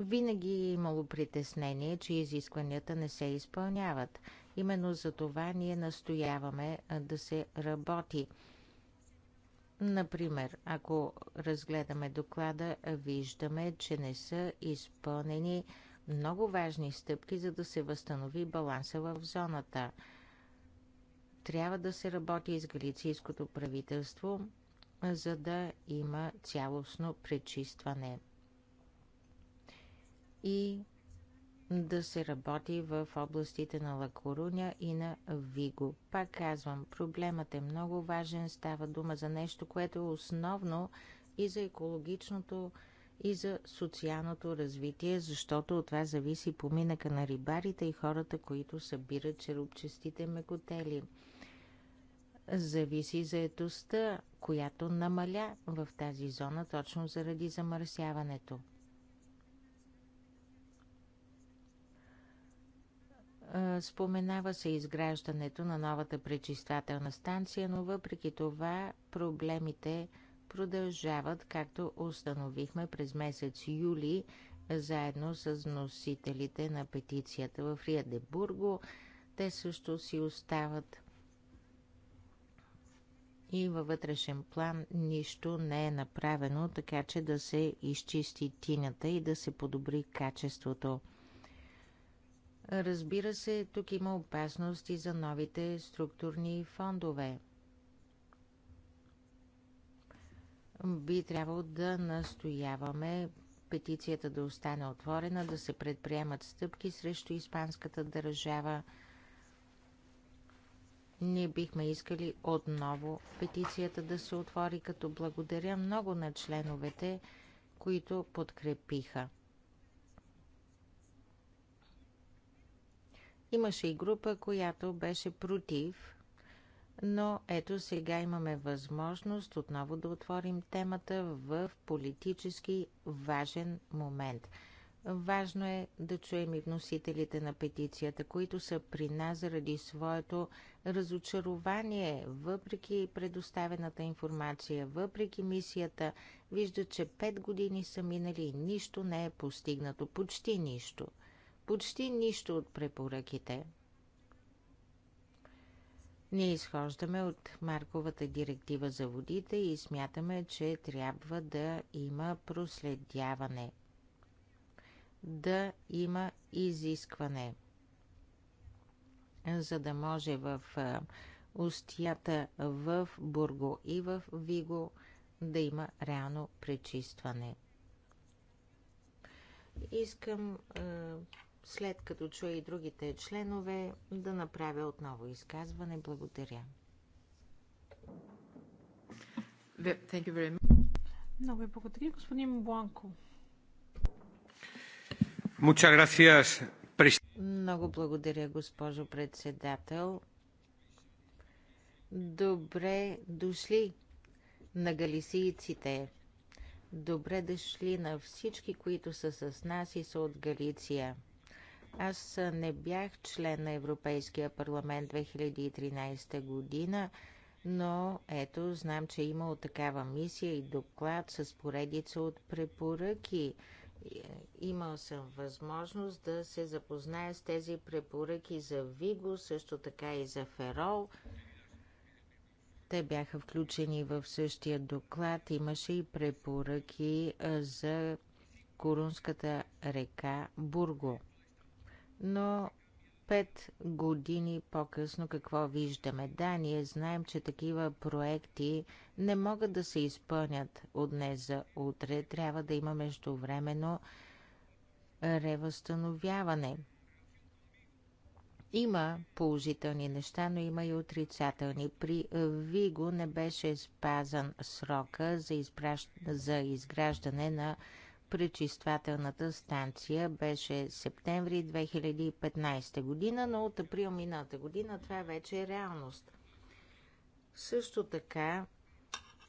винаги е имало притеснение, че изискванията не се изпълняват. Именно за това ние настояваме да се работи. Например, ако разгледаме доклада, виждаме, че не са изпълнени много важни стъпки, за да се възстанови баланса в зоната. Трябва да се работи с галицийското правителство, за да има цялостно пречистване и да се работи в областите на Лакоруня и на Виго. Пак казвам, проблемът е много важен, става дума за нещо, което е основно и за екологичното, и за социалното развитие, защото от това зависи поминъка на рибарите и хората, които събират черупчестите мекотели. Зависи заетостта, която намаля в тази зона точно заради замърсяването. Споменава се изграждането на новата пречиствателна станция, но въпреки това проблемите продължават, както установихме през месец юли, заедно с носителите на петицията в Риадебурго. Те също си остават и във вътрешен план нищо не е направено, така че да се изчисти тинята и да се подобри качеството. Разбира се, тук има опасности за новите структурни фондове. Би трябвало да настояваме петицията да остане отворена, да се предприемат стъпки срещу испанската държава. Ние бихме искали отново петицията да се отвори, като благодаря много на членовете, които подкрепиха Имаше и група, която беше против, но ето сега имаме възможност отново да отворим темата в политически важен момент. Важно е да чуем и вносителите на петицията, които са при нас заради своето разочарование, въпреки предоставената информация, въпреки мисията. Виждат, че пет години са минали и нищо не е постигнато, почти нищо почти нищо от препоръките. Ние изхождаме от Марковата директива за водите и смятаме, че трябва да има проследяване, да има изискване, за да може в устията в Бурго и в Виго да има реално пречистване. Искам след като чуя и другите членове, да направя отново изказване. Благодаря. Много ви благодаря, господин Бланко. Много благодаря, госпожо председател. Добре дошли на галисийците. Добре дошли на всички, които са с нас и са от Галиция. Аз не бях член на Европейския парламент 2013 година, но ето, знам, че е имало такава мисия и доклад с поредица от препоръки. Е, имал съм възможност да се запозная с тези препоръки за Виго, също така и за Ферол. Те бяха включени в същия доклад. Имаше и препоръки за Корунската река Бурго но пет години по-късно какво виждаме? Да, ние знаем, че такива проекти не могат да се изпълнят от днес за утре. Трябва да има междувременно ревъзстановяване. Има положителни неща, но има и отрицателни. При Виго не беше спазан срока за, изпращ... за изграждане на пречиствателната станция беше септември 2015 година, но от април миналата година това вече е реалност. Също така,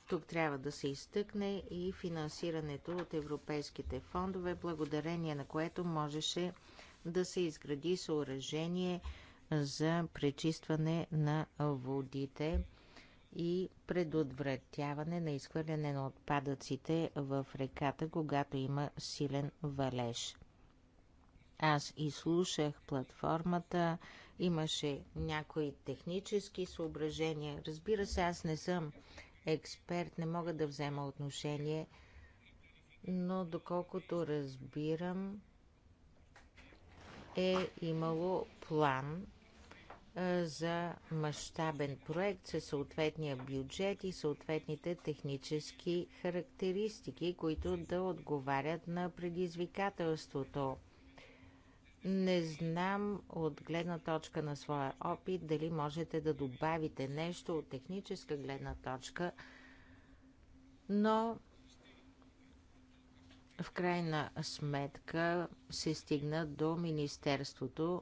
тук трябва да се изтъкне и финансирането от европейските фондове, благодарение на което можеше да се изгради съоръжение за пречистване на водите и предотвратяване на изхвърляне на отпадъците в реката, когато има силен валеж. Аз изслушах платформата, имаше някои технически съображения. Разбира се, аз не съм експерт, не мога да взема отношение, но доколкото разбирам, е имало план за мащабен проект със съответния бюджет и съответните технически характеристики, които да отговарят на предизвикателството. Не знам от гледна точка на своя опит дали можете да добавите нещо от техническа гледна точка, но в крайна сметка се стигна до Министерството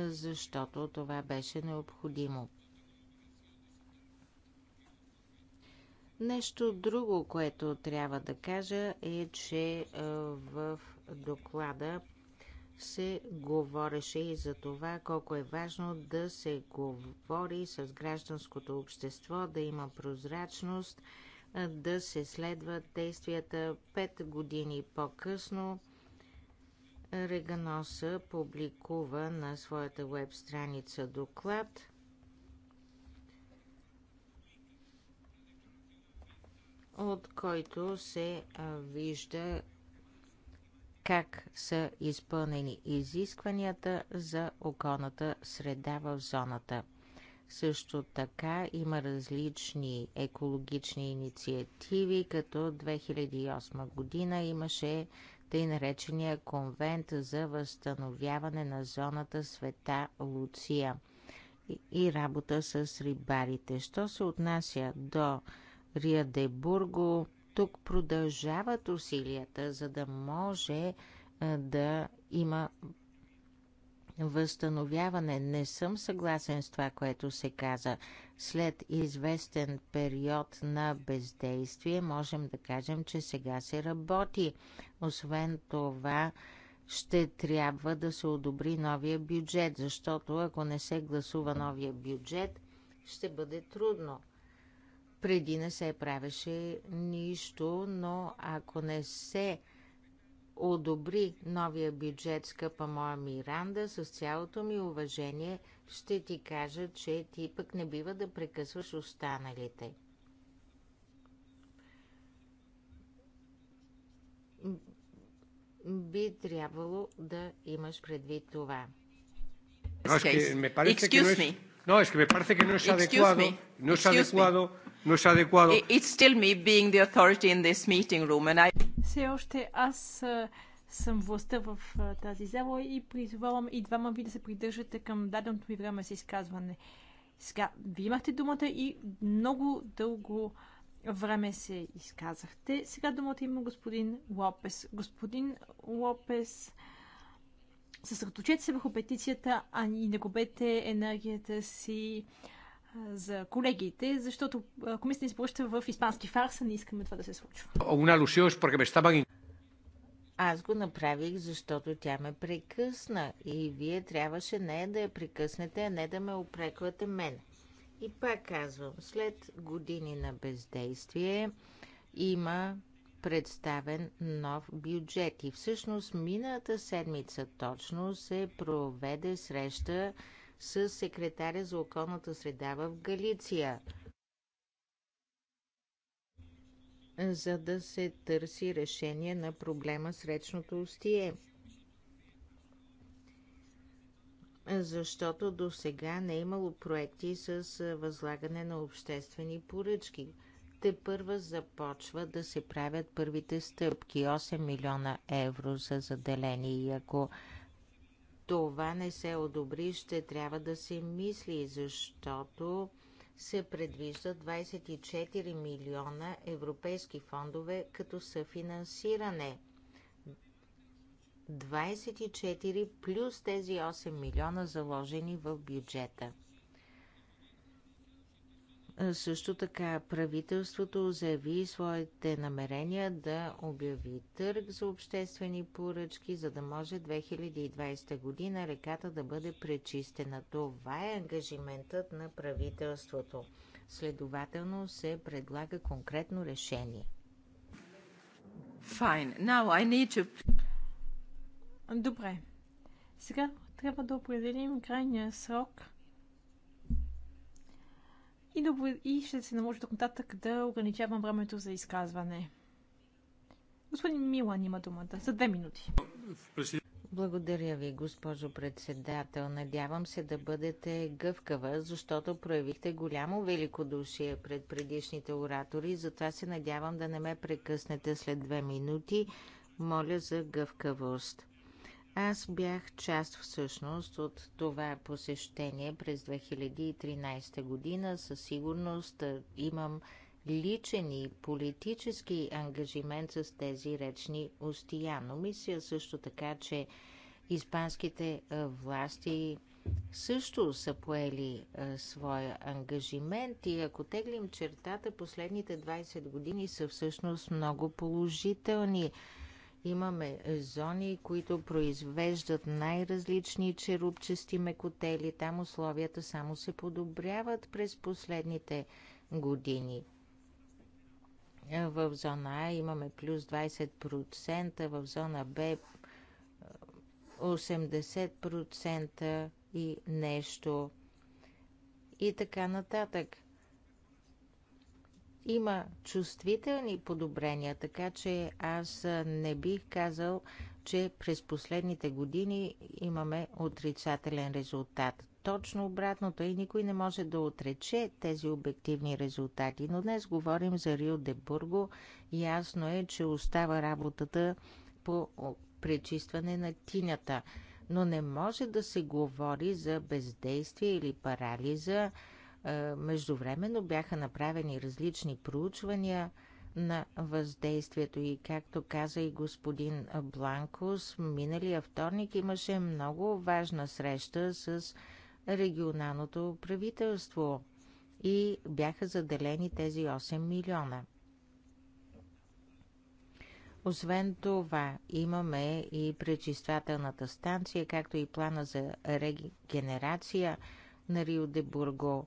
защото това беше необходимо. Нещо друго, което трябва да кажа е, че в доклада се говореше и за това колко е важно да се говори с гражданското общество, да има прозрачност, да се следват действията пет години по-късно – Реганоса публикува на своята веб страница доклад от който се вижда как са изпълнени изискванията за околната среда в зоната. Също така има различни екологични инициативи, като 2008 година имаше тъй наречения конвент за възстановяване на зоната Света Луция и работа с рибарите. Що се отнася до Риадебурго, тук продължават усилията, за да може да има възстановяване. Не съм съгласен с това, което се каза. След известен период на бездействие можем да кажем, че сега се работи. Освен това, ще трябва да се одобри новия бюджет, защото ако не се гласува новия бюджет, ще бъде трудно. Преди не се правеше нищо, но ако не се одобри новия бюджет, скъпа моя Миранда, с цялото ми уважение ще ти кажа, че ти пък не бива да прекъсваш останалите. Би трябвало да имаш предвид това. No, es que me parece que no es Excuse adecuado, me. no es Excuse adecuado, me. no es adecuado. It's still me being the authority in this meeting room and I все още аз съм властта в тази зала и призовавам и двама ви да се придържате към даденото ми време за изказване. Сега, вие имахте думата и много дълго време се изказахте. Сега думата има господин Лопес. Господин Лопес, съсредоточете се върху петицията, а и не губете енергията си за колегите, защото комисията ни се в испански фарс, не искаме това да се случва. Аз го направих, защото тя ме прекъсна и вие трябваше не да я прекъснете, а не да ме опреквате мен. И пак казвам, след години на бездействие има представен нов бюджет. И всъщност миналата седмица точно се проведе среща с секретаря за околната среда в Галиция, за да се търси решение на проблема с речното устие. Защото до сега не е имало проекти с възлагане на обществени поръчки те първа започва да се правят първите стъпки. 8 милиона евро са заделени и ако това не се одобри, ще трябва да се мисли, защото се предвижда 24 милиона европейски фондове като съфинансиране. 24 плюс тези 8 милиона заложени в бюджета. Също така правителството заяви своите намерения да обяви търг за обществени поръчки, за да може 2020 година реката да бъде пречистена. Това е ангажиментът на правителството. Следователно се предлага конкретно решение. Fine. Now I need to... Добре. Сега трябва да определим крайния срок – и, да, и ще се наложи до нататък да ограничавам времето за изказване. Господин Милан има думата за две минути. Благодаря ви, госпожо председател. Надявам се да бъдете гъвкава, защото проявихте голямо великодушие пред предишните оратори. Затова се надявам да не ме прекъснете след две минути. Моля за гъвкавост. Аз бях част всъщност от това посещение през 2013 година. Със сигурност имам личен и политически ангажимент с тези речни устия. Но мисля също така, че испанските власти също са поели своя ангажимент и ако теглим чертата, последните 20 години са всъщност много положителни. Имаме зони, които произвеждат най-различни черупчести мекотели. Там условията само се подобряват през последните години. В зона А имаме плюс 20%, в зона Б 80% е, и нещо. И така нататък. Има чувствителни подобрения, така че аз не бих казал, че през последните години имаме отрицателен резултат. Точно обратното и никой не може да отрече тези обективни резултати. Но днес говорим за Рио де Бурго. Ясно е, че остава работата по пречистване на тинята. Но не може да се говори за бездействие или парализа, е, междувременно бяха направени различни проучвания на въздействието и както каза и господин Бланкос, миналия вторник имаше много важна среща с регионалното правителство и бяха заделени тези 8 милиона. Освен това, имаме и пречиствателната станция, както и плана за регенерация на Рио де Бурго.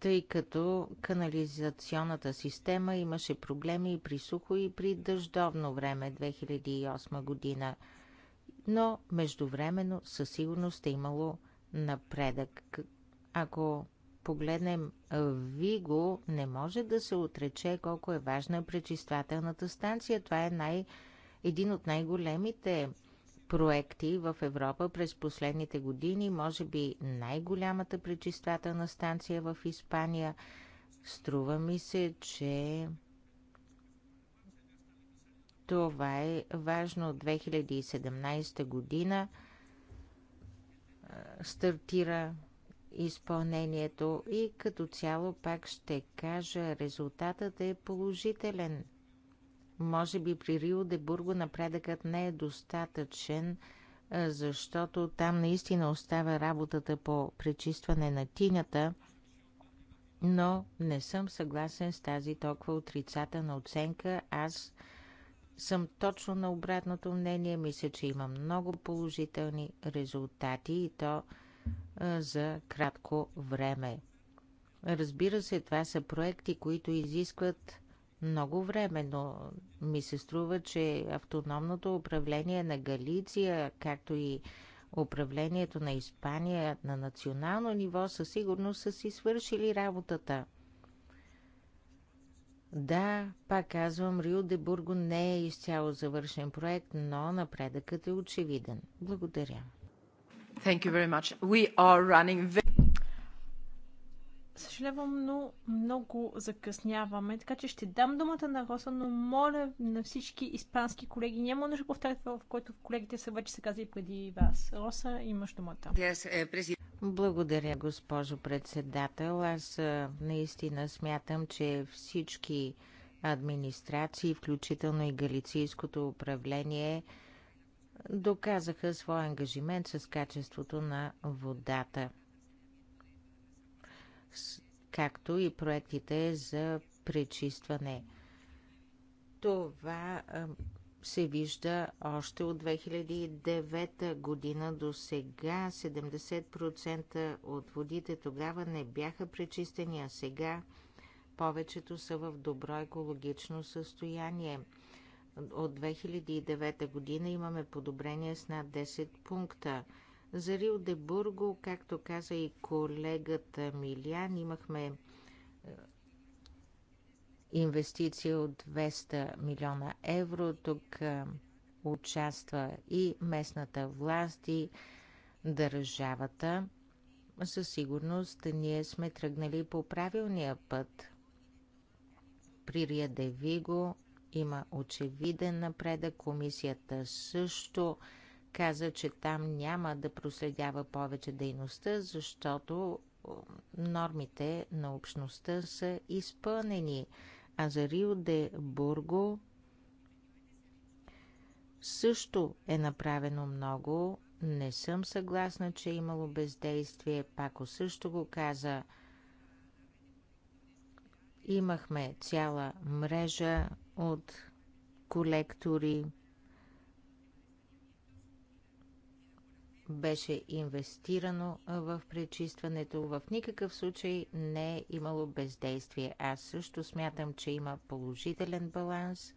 тъй като канализационната система имаше проблеми и при сухо и при дъждовно време 2008 година. Но междувременно със сигурност е имало напредък. Ако погледнем Виго, не може да се отрече колко е важна пречиствателната станция. Това е най- един от най-големите проекти в Европа през последните години, може би най-голямата пречиствателна станция в Испания. Струва ми се, че това е важно. От 2017 година е, стартира изпълнението и като цяло пак ще кажа, резултатът е положителен – може би при Рио де Бурго напредъкът не е достатъчен, защото там наистина остава работата по пречистване на тинята, но не съм съгласен с тази толкова отрицателна оценка. Аз съм точно на обратното мнение. Мисля, че има много положителни резултати и то за кратко време. Разбира се, това са проекти, които изискват много време, но ми се струва, че автономното управление на Галиция, както и управлението на Испания на национално ниво, със сигурност са си свършили работата. Да, пак казвам, Рио де Бурго не е изцяло завършен проект, но напредъкът е очевиден. Благодаря. Thank you very much. We are running съжалявам, но много закъсняваме. Така че ще дам думата на Роса, но моля на всички испански колеги. Няма нужда да повтарят това, в което колегите са вече се казали преди вас. Роса, имаш думата. Е, Благодаря, госпожо председател. Аз е, наистина смятам, че всички администрации, включително и Галицийското управление, доказаха своя ангажимент с качеството на водата както и проектите за пречистване. Това се вижда още от 2009 година до сега. 70% от водите тогава не бяха пречистени, а сега повечето са в добро екологично състояние. От 2009 година имаме подобрение с над 10 пункта. За Рио де Бурго, както каза и колегата Милян, имахме е, инвестиция от 200 милиона евро. Тук е, участва и местната власт, и държавата. Със сигурност ние сме тръгнали по правилния път. При Виго има очевиден напредък, комисията също – каза, че там няма да проследява повече дейността, защото нормите на общността са изпълнени. А за Рио де Бурго също е направено много. Не съм съгласна, че е имало бездействие. Пако също го каза. Имахме цяла мрежа от колектори, беше инвестирано в пречистването. В никакъв случай не е имало бездействие. Аз също смятам, че има положителен баланс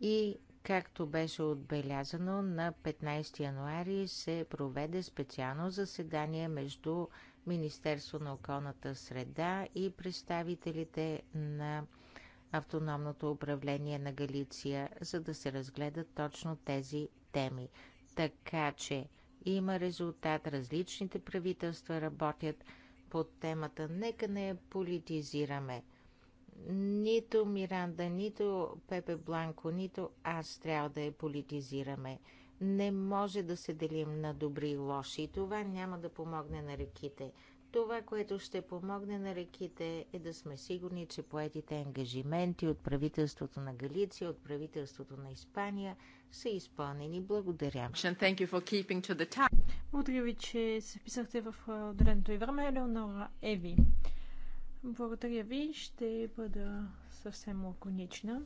и Както беше отбелязано, на 15 януари се проведе специално заседание между Министерство на околната среда и представителите на Автономното управление на Галиция, за да се разгледат точно тези теми. Така че има резултат, различните правителства работят по темата. Нека не я политизираме. Нито Миранда, нито Пепе Бланко, нито аз трябва да я политизираме. Не може да се делим на добри и лоши. И това няма да помогне на реките. Това, което ще помогне на реките е да сме сигурни, че поетите ангажименти от правителството на Галиция, от правителството на Испания са изпълнени. Благодаря. Благодаря ви, че се вписахте в отделеното и време. Елеонора Еви. Благодаря ви. Ще бъда съвсем лаконична.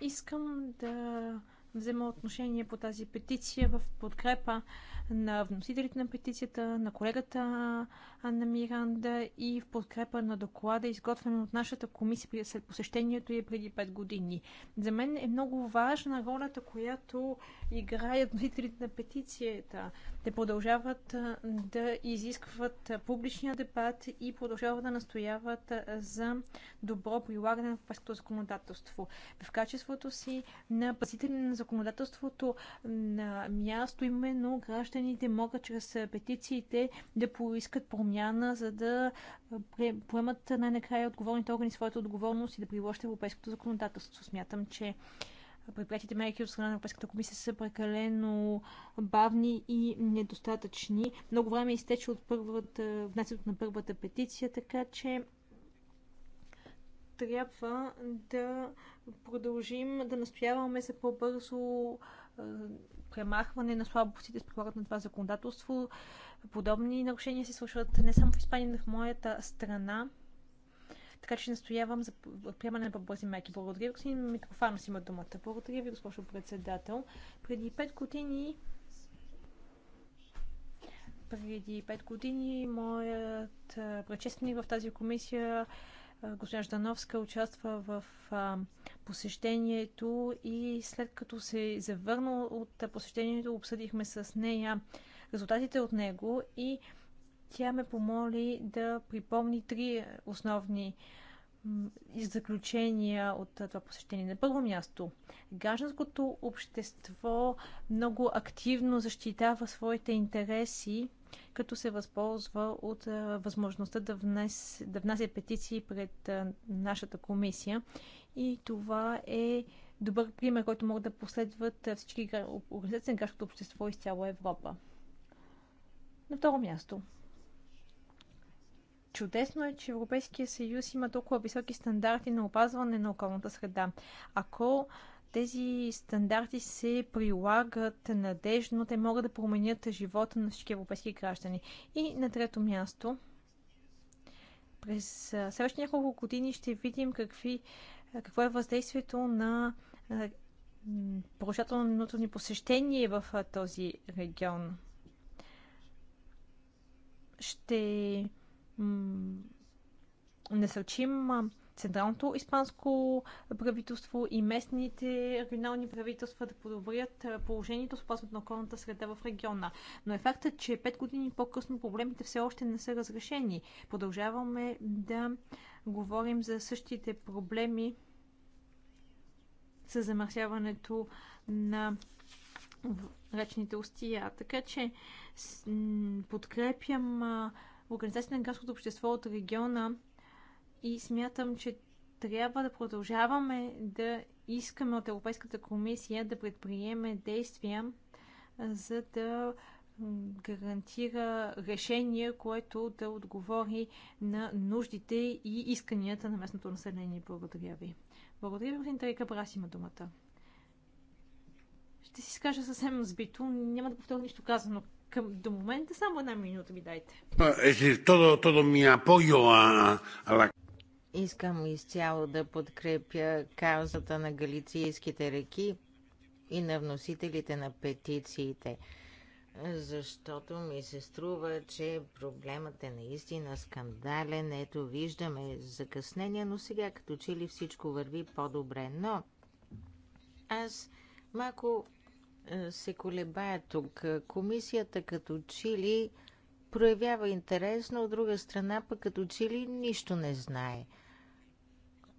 Искам да взема отношение по тази петиция в подкрепа на вносителите на петицията, на колегата Анна Миранда и в подкрепа на доклада, изготвен от нашата комисия след посещението и преди 5 години. За мен е много важна ролята, която играят вносителите на петицията. Те продължават да изискват публичния дебат и продължават да настояват за добро прилагане на европейското законодателство. В качеството си на пазители на законодателството на място, именно гражданите могат чрез петициите да поискат промяна, за да поемат най-накрая отговорните органи своята отговорност и да приложат европейското законодателство. Смятам, че предприятите мерки от страна на Европейската комисия са прекалено бавни и недостатъчни. Много време изтече от първата, внасянето на първата петиция, така че трябва да продължим да настояваме за по-бързо премахване на слабостите с прилагат на това законодателство. Подобни нарушения се случват не само в Испания, но и в моята страна. Така че настоявам за приемане на бързи мерки. Благодаря, господин Митрофанов има думата. Благодаря ви, госпожо председател. Преди 5 години преди 5 години моят предшественик в тази комисия госпожа Ждановска участва в а, посещението и след като се завърна от посещението, обсъдихме с нея резултатите от него и тя ме помоли да припомни три основни заключения от това посещение. На първо място, гражданското общество много активно защитава своите интереси, като се възползва от възможността да, внес, да внася петиции пред нашата комисия. И това е добър пример, който могат да последват всички организации на гражданското общество из цяла Европа. На второ място, Чудесно е, че Европейския съюз има толкова високи стандарти на опазване на околната среда. Ако тези стандарти се прилагат надежно, те могат да променят живота на всички европейски граждани. И на трето място, през следващите няколко години ще видим какви, какво е въздействието на продължателното ни посещение в този регион. Ще насърчим централното испанско правителство и местните регионални правителства да подобрят положението с опасност на околната среда в региона. Но е фактът, че пет години по-късно проблемите все още не са разрешени. Продължаваме да говорим за същите проблеми с замърсяването на речните устия. Така че подкрепям организация на градското общество от региона и смятам, че трябва да продължаваме да искаме от Европейската комисия да предприеме действия, за да гарантира решение, което да отговори на нуждите и исканията на местното население. Благодаря ви. Благодаря ви, господин Тарика Брас има думата. Ще си скажа съвсем сбито. Няма да повторя нищо казано към, до момента само една минута ми дайте. Искам изцяло да подкрепя каузата на галицийските реки и на вносителите на петициите защото ми се струва, че проблемът е наистина скандален. Ето виждаме закъснение, но сега като че ли всичко върви по-добре. Но аз малко се колебая тук. Комисията като Чили проявява интерес, но от друга страна пък като Чили нищо не знае.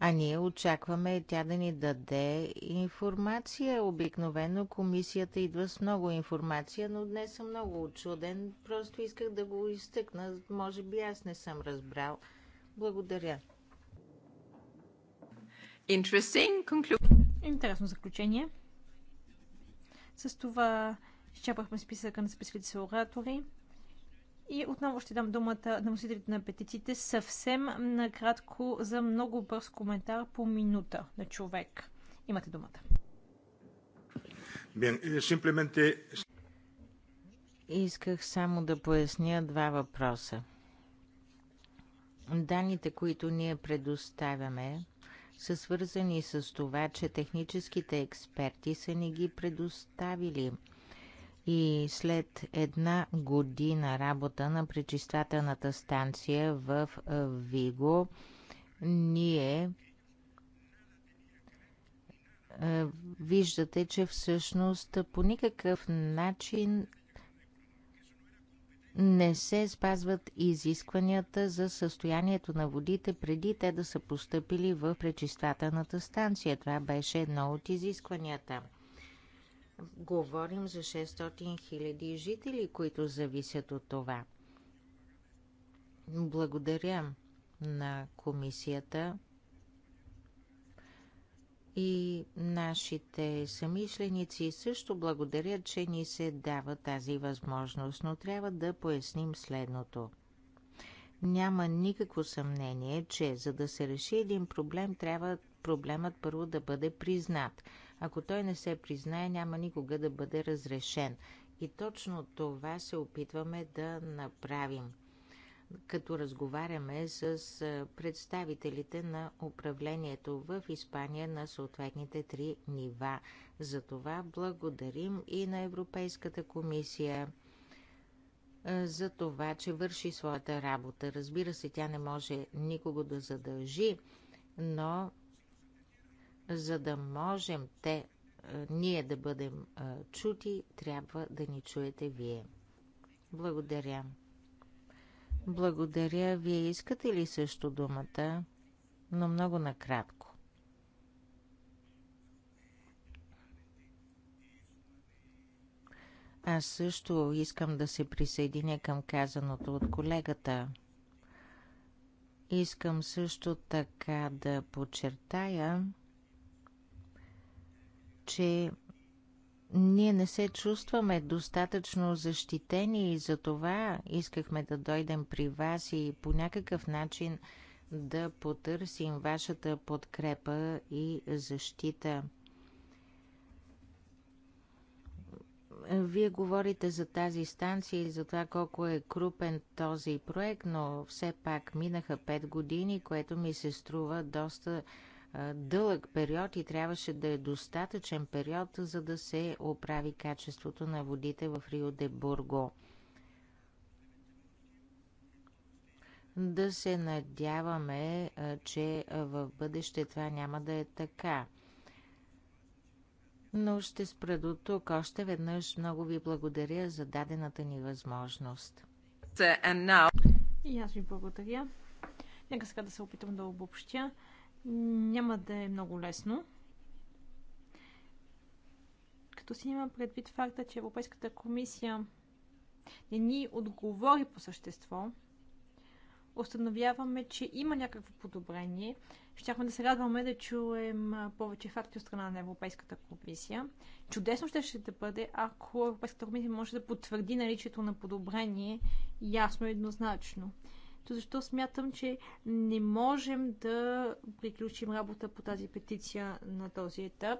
А ние очакваме тя да ни даде информация. Обикновено комисията идва с много информация, но днес съм много очуден. Просто исках да го изтъкна. Може би аз не съм разбрал. Благодаря. Интересно заключение. С това изчапахме списъка на записалите се оратори. И отново ще дам думата на носителите на петициите съвсем накратко за много бърз коментар по минута на човек. Имате думата. Eh, Исках само да поясня два въпроса. Даните, които ние предоставяме, са свързани с това, че техническите експерти са ни ги предоставили. И след една година работа на пречиствателната станция в Виго, ние виждате, че всъщност по никакъв начин не се спазват изискванията за състоянието на водите преди те да са поступили в пречиствателната станция. Това беше едно от изискванията. Говорим за 600 000 жители, които зависят от това. Благодаря на комисията и нашите самишленици също благодарят, че ни се дава тази възможност, но трябва да поясним следното. Няма никакво съмнение, че за да се реши един проблем, трябва проблемът първо да бъде признат. Ако той не се признае, няма никога да бъде разрешен. И точно това се опитваме да направим – като разговаряме с представителите на управлението в Испания на съответните три нива. За това благодарим и на Европейската комисия за това, че върши своята работа. Разбира се, тя не може никого да задължи, но за да можем те, ние да бъдем чути, трябва да ни чуете вие. Благодаря. Благодаря. Вие искате ли също думата? Но много накратко. Аз също искам да се присъединя към казаното от колегата. Искам също така да подчертая, че ние не се чувстваме достатъчно защитени и за това искахме да дойдем при вас и по някакъв начин да потърсим вашата подкрепа и защита. Вие говорите за тази станция и за това колко е крупен този проект, но все пак минаха 5 години, което ми се струва доста дълъг период и трябваше да е достатъчен период, за да се оправи качеството на водите в Рио де Бурго. Да се надяваме, че в бъдеще това няма да е така. Но ще спра до тук. Още веднъж много ви благодаря за дадената ни възможност. И аз ви благодаря. Нека сега да се опитам да обобщя няма да е много лесно. Като си има предвид факта, че Европейската комисия не ни отговори по същество, установяваме, че има някакво подобрение. Щяхме да се радваме да чуем повече факти от страна на Европейската комисия. Чудесно ще, ще да бъде, ако Европейската комисия може да потвърди наличието на подобрение ясно и еднозначно. Ето защо смятам, че не можем да приключим работа по тази петиция на този етап,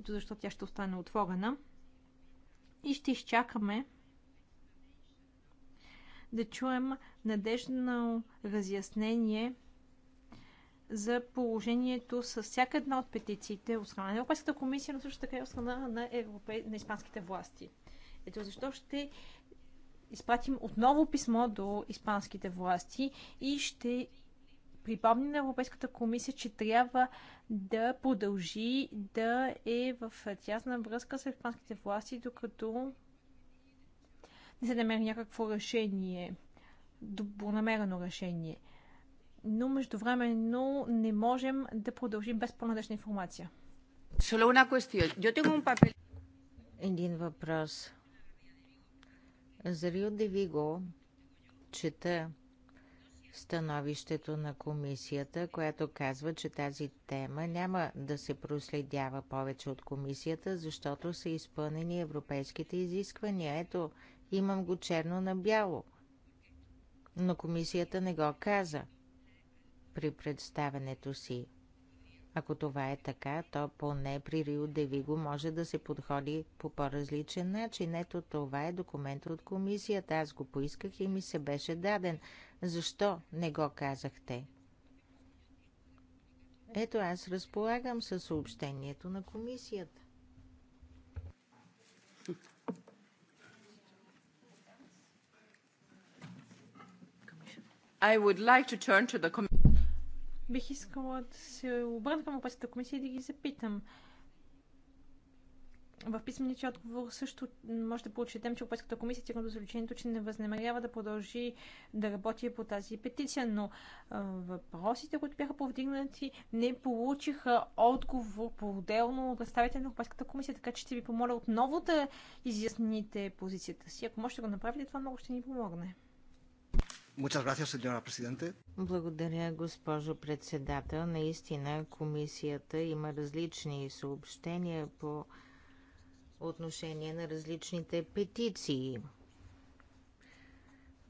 ето защо тя ще остане отворена. И ще изчакаме да чуем надеждно разяснение за положението с всяка една от петициите от страна на Европейската комисия, но също така и от страна на, европе... на испанските власти. Ето защо ще изпратим отново писмо до испанските власти и ще припомни на Европейската комисия, че трябва да продължи да е в тясна връзка с испанските власти, докато не се намери някакво решение, добронамерено решение. Но междувременно не можем да продължим без по-надежна информация. Един въпрос. За Рио де Виго чета становището на комисията, която казва, че тази тема няма да се проследява повече от комисията, защото са изпълнени европейските изисквания. Ето, имам го черно на бяло. Но комисията не го каза при представенето си. Ако това е така, то поне при Рио Девиго може да се подходи по по-различен начин. Ето това е документ от комисията. Аз го поисках и ми се беше даден. Защо не го казахте? Ето аз разполагам със съобщението на комисията. I would like to turn to the бих искала да се обърна към Европейската комисия и да ги запитам. В писмения ти отговор също може да прочетем, че Европейската комисия тяга до заключението, че не възнамерява да продължи да работи по тази петиция, но а, въпросите, които бяха повдигнати, не получиха отговор по-отделно от представителя на Европейската комисия, така че ще ви помоля отново да изясните позицията си. Ако можете да го направите, това много ще ни помогне. Благодаря, госпожо председател. Наистина комисията има различни съобщения по отношение на различните петиции.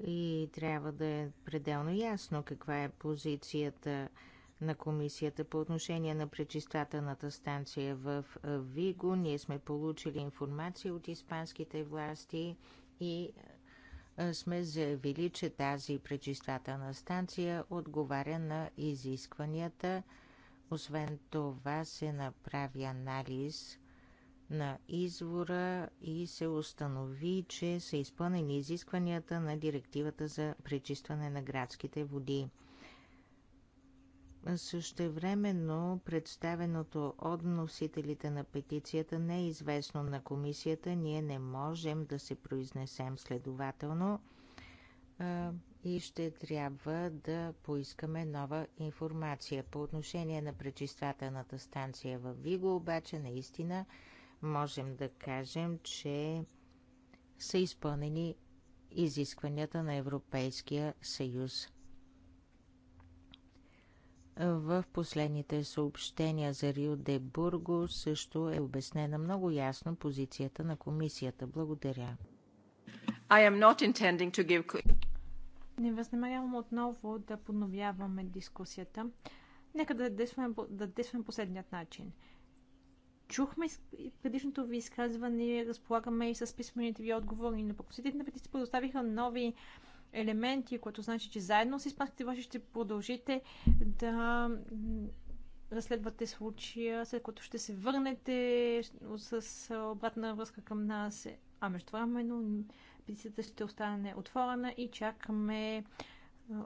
И трябва да е пределно ясно каква е позицията на комисията по отношение на пречистателната станция в Виго. Ние сме получили информация от испанските власти и е, сме заявили, че тази пречиствателна станция отговаря на изискванията. Освен това се направи анализ на извора и се установи, че са изпълнени изискванията на директивата за пречистване на градските води. Същевременно представеното от носителите на петицията не е известно на комисията. Ние не можем да се произнесем следователно и ще трябва да поискаме нова информация. По отношение на пречиствателната станция в Виго, обаче наистина можем да кажем, че са изпълнени изискванията на Европейския съюз. В последните съобщения за Рио де Бурго също е обяснена много ясно позицията на комисията. Благодаря. I am not intending to give... Не възнамерявам отново да подновяваме дискусията. Нека да действаме, да действаме последният начин. Чухме предишното ви изказване, разполагаме и с писмените ви отговори, но пък на предиците предоставиха нови елементи, което значи, че заедно с испанските власти ще продължите да разследвате случая, след което ще се върнете с обратна връзка към нас. А между но петицията ще остане отворена и чакаме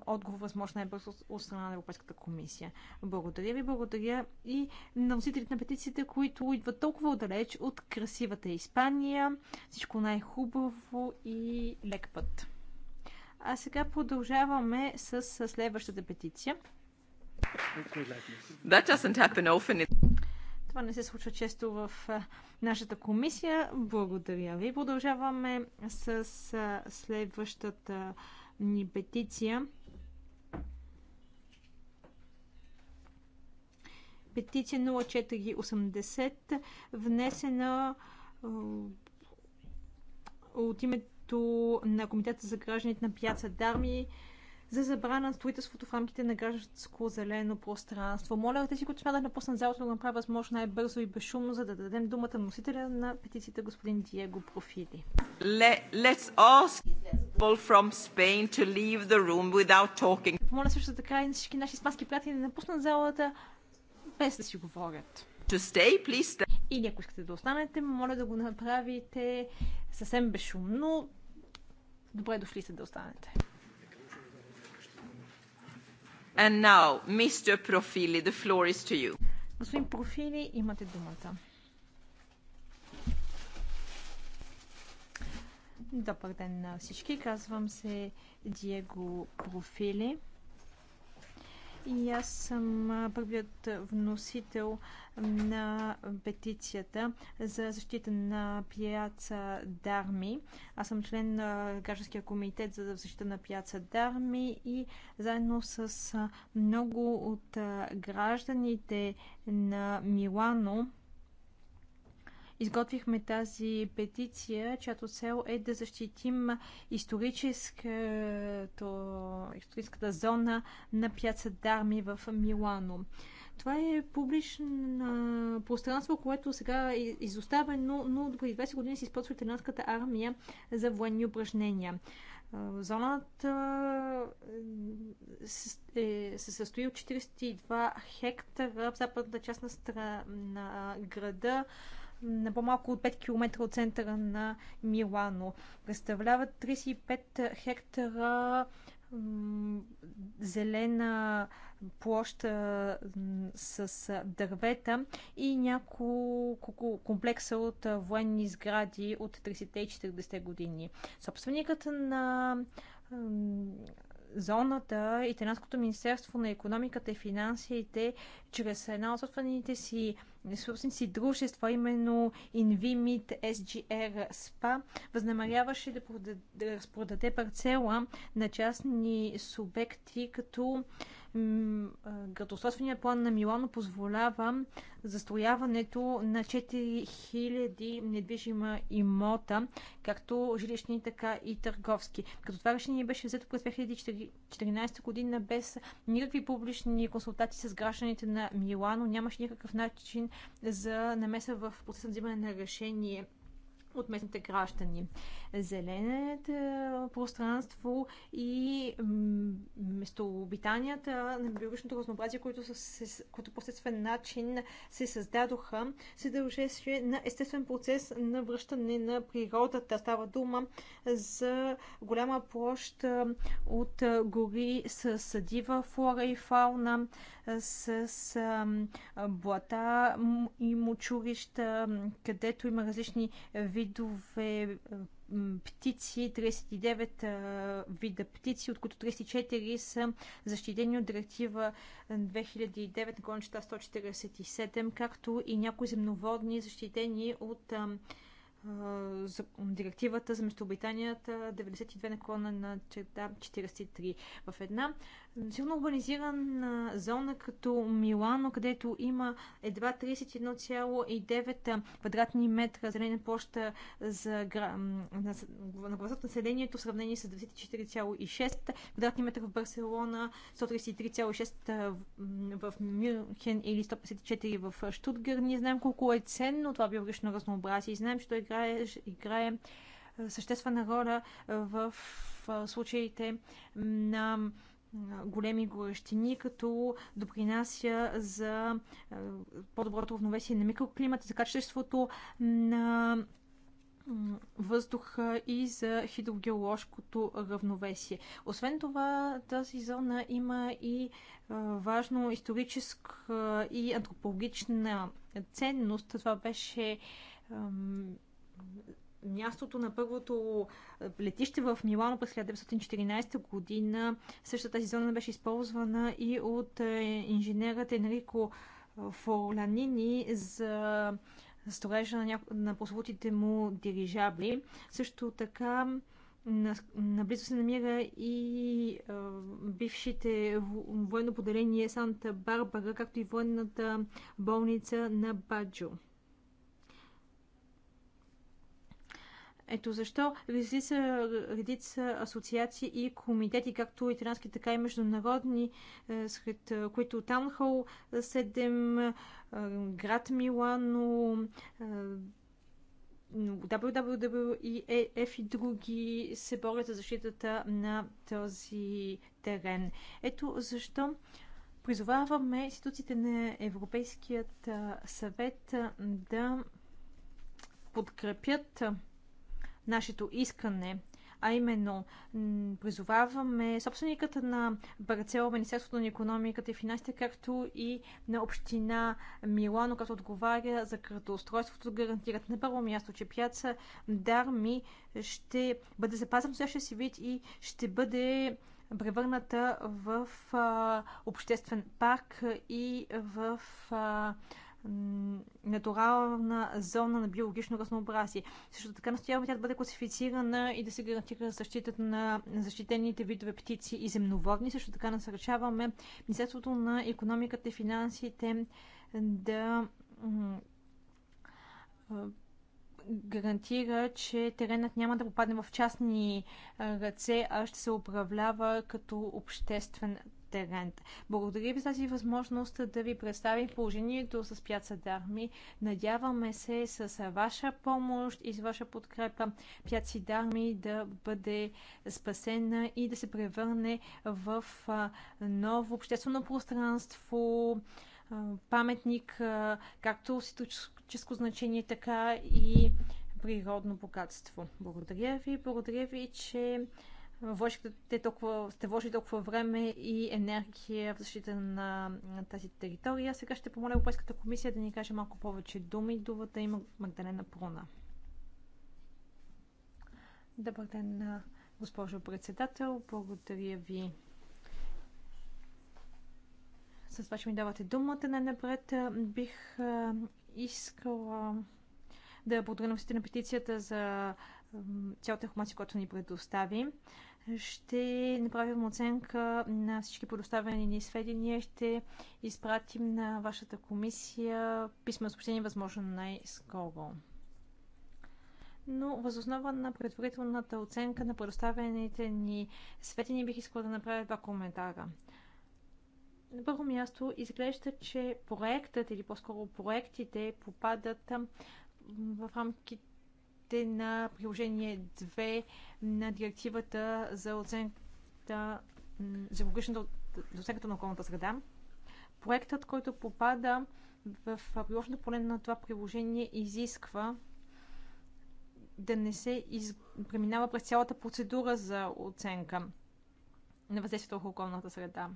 отговор възможно най-бързо от страна на Европейската комисия. Благодаря ви, благодаря и на носителите на петициите, които идват толкова отдалеч от красивата Испания. Всичко най-хубаво и лек път! А сега продължаваме с следващата петиция. That doesn't happen often. Това не се случва често в нашата комисия. Благодаря ви. Продължаваме с следващата ни петиция. Петиция 0480, внесена от името решението на Комитета за гражданите на пияца Дарми за забрана на строителството в рамките на гражданско зелено пространство. Моля тези, които смятат да напуснат залата, да го направят възможно най-бързо и безшумно, за да дадем думата на носителя на петицията господин Диего Профили. Let's ask people from Spain to leave the room without talking. Моля също така и всички наши испански приятели да напуснат залата без да си говорят. To stay, please stay. Или ако искате да останете, моля да го направите съвсем безшумно, Добре дошли се да останете. And now, Mr. Profili, the floor is to you. Господин Профили, имате думата. Добър ден на всички. Казвам се Диего Профили и аз съм първият вносител на петицията за защита на пияца Дарми. Аз съм член на Гражданския комитет за защита на пияца Дарми и заедно с много от гражданите на Милано изготвихме тази петиция, чиято цел е да защитим историческата зона на пяца Дарми в Милано. Това е публично пространство, което сега е изоставено, но преди 20 години се използва италианската армия за военни упражнения. Зоната е, се състои от 42 хектара в западната част на, стра... на града на по-малко от 5 км от центъра на Милано. представлява 35 хектара зелена площа с дървета и няколко комплекса от военни сгради от 30-те и 40-те години. Собственикът на зоната, Италианското министерство на економиката и финансите, чрез една от собствените си собствените си дружества, именно Invimit SGR SPA, възнамеряваше да, продаде, да разпродаде парцела на частни субекти, като градоустройственият план на Милано позволява застрояването на 4000 недвижима имота, както жилищни, така и търговски. Като това решение беше взето през 2014 година без никакви публични консултации с гражданите на Милано, нямаше никакъв начин за намеса в процеса на взимане на решение от местните граждани. Зеленото пространство и местообитанията на биологичното разнообразие, които, които по естествен начин се създадоха, се дължеше на естествен процес на връщане на природата. Става дума за голяма площ от гори с дива флора и фауна, с блата и мочурища, където има различни видове птици, 39 вида птици, от които 34 са защитени от директива 2009-147, както и някои земноводни защитени от за директивата за местообитанията 92 наклона на черта 43. В една силно урбанизирана зона като Милано, където има едва 31,9 квадратни метра зелена площа за гра... на, на населението в сравнение с 24,6 квадратни метра в Барселона, 133,6 в Мюнхен или 154 в Штутгар. Ние знаем колко е ценно това биологично разнообразие и знаем, че той играе, играе съществена роля в случаите на големи горещини, като допринася за по-доброто равновесие на микроклимата, за качеството на въздуха и за хидрогеоложкото равновесие. Освен това, тази зона има и важно историческа и антропологична ценност. Това беше мястото на първото е, летище в Милано през 1914 година. същата тази зона беше използвана и от е, инженерът Енрико е, Форланини за строежа на, няко... на прословутите му дирижабли. Също така Наблизо се намира и а, бившите военно поделение Санта Барбара, както и военната болница на Баджо. Ето защо са редица асоциации и комитети, както италянски, така и международни, е, сред е, които Таунхол 7, е, град Милано, WWF e, и други се борят за защитата на този терен. Ето защо призоваваме институциите на Европейският съвет да подкрепят нашето искане, а именно призоваваме собствениката на Барцело, Министерството на економиката и финансите, както и на община Милано, като отговаря за градоустройството, гарантират на първо място, че пяца Дарми ще бъде запазен в си вид и ще бъде превърната в а, обществен парк и в а, натурална зона на биологично разнообразие. Също така настояваме тя да бъде класифицирана и да се гарантира защитата на защитените видове птици и земноводни. Също така насърчаваме Министерството на економиката и финансите да гарантира, че теренът няма да попадне в частни ръце, а ще се управлява като обществен терен. Благодаря ви за тази възможност да ви представим положението с пяца Дарми. Надяваме се с ваша помощ и с ваша подкрепа пяци Дарми да бъде спасена и да се превърне в ново обществено пространство, паметник, както историческо значение, така и природно богатство. Благодаря ви, благодаря ви, че вложихте толкова, сте вложили толкова време и енергия в защита на, на тази територия. Сега ще помоля Европейската комисия да ни каже малко повече думи. Думата има Магдалена Пруна. Добър ден, госпожо председател. Благодаря ви с това, че ми давате думата. Най-напред бих искала да благодаря на петицията за цялата информация, която ни предостави ще направим оценка на всички предоставени ни сведения. Ще изпратим на вашата комисия писмено съобщение, възможно най-скоро. Но възоснова на предварителната оценка на предоставените ни сведения бих искала да направя два коментара. На първо място изглежда, че проектът или по-скоро проектите попадат в рамките рамките на приложение 2 на директивата за оценката за екологичната оценката на околната среда. Проектът, който попада в приложното поле на това приложение, изисква да не се из... преминава през цялата процедура за оценка на въздействието върху околната среда,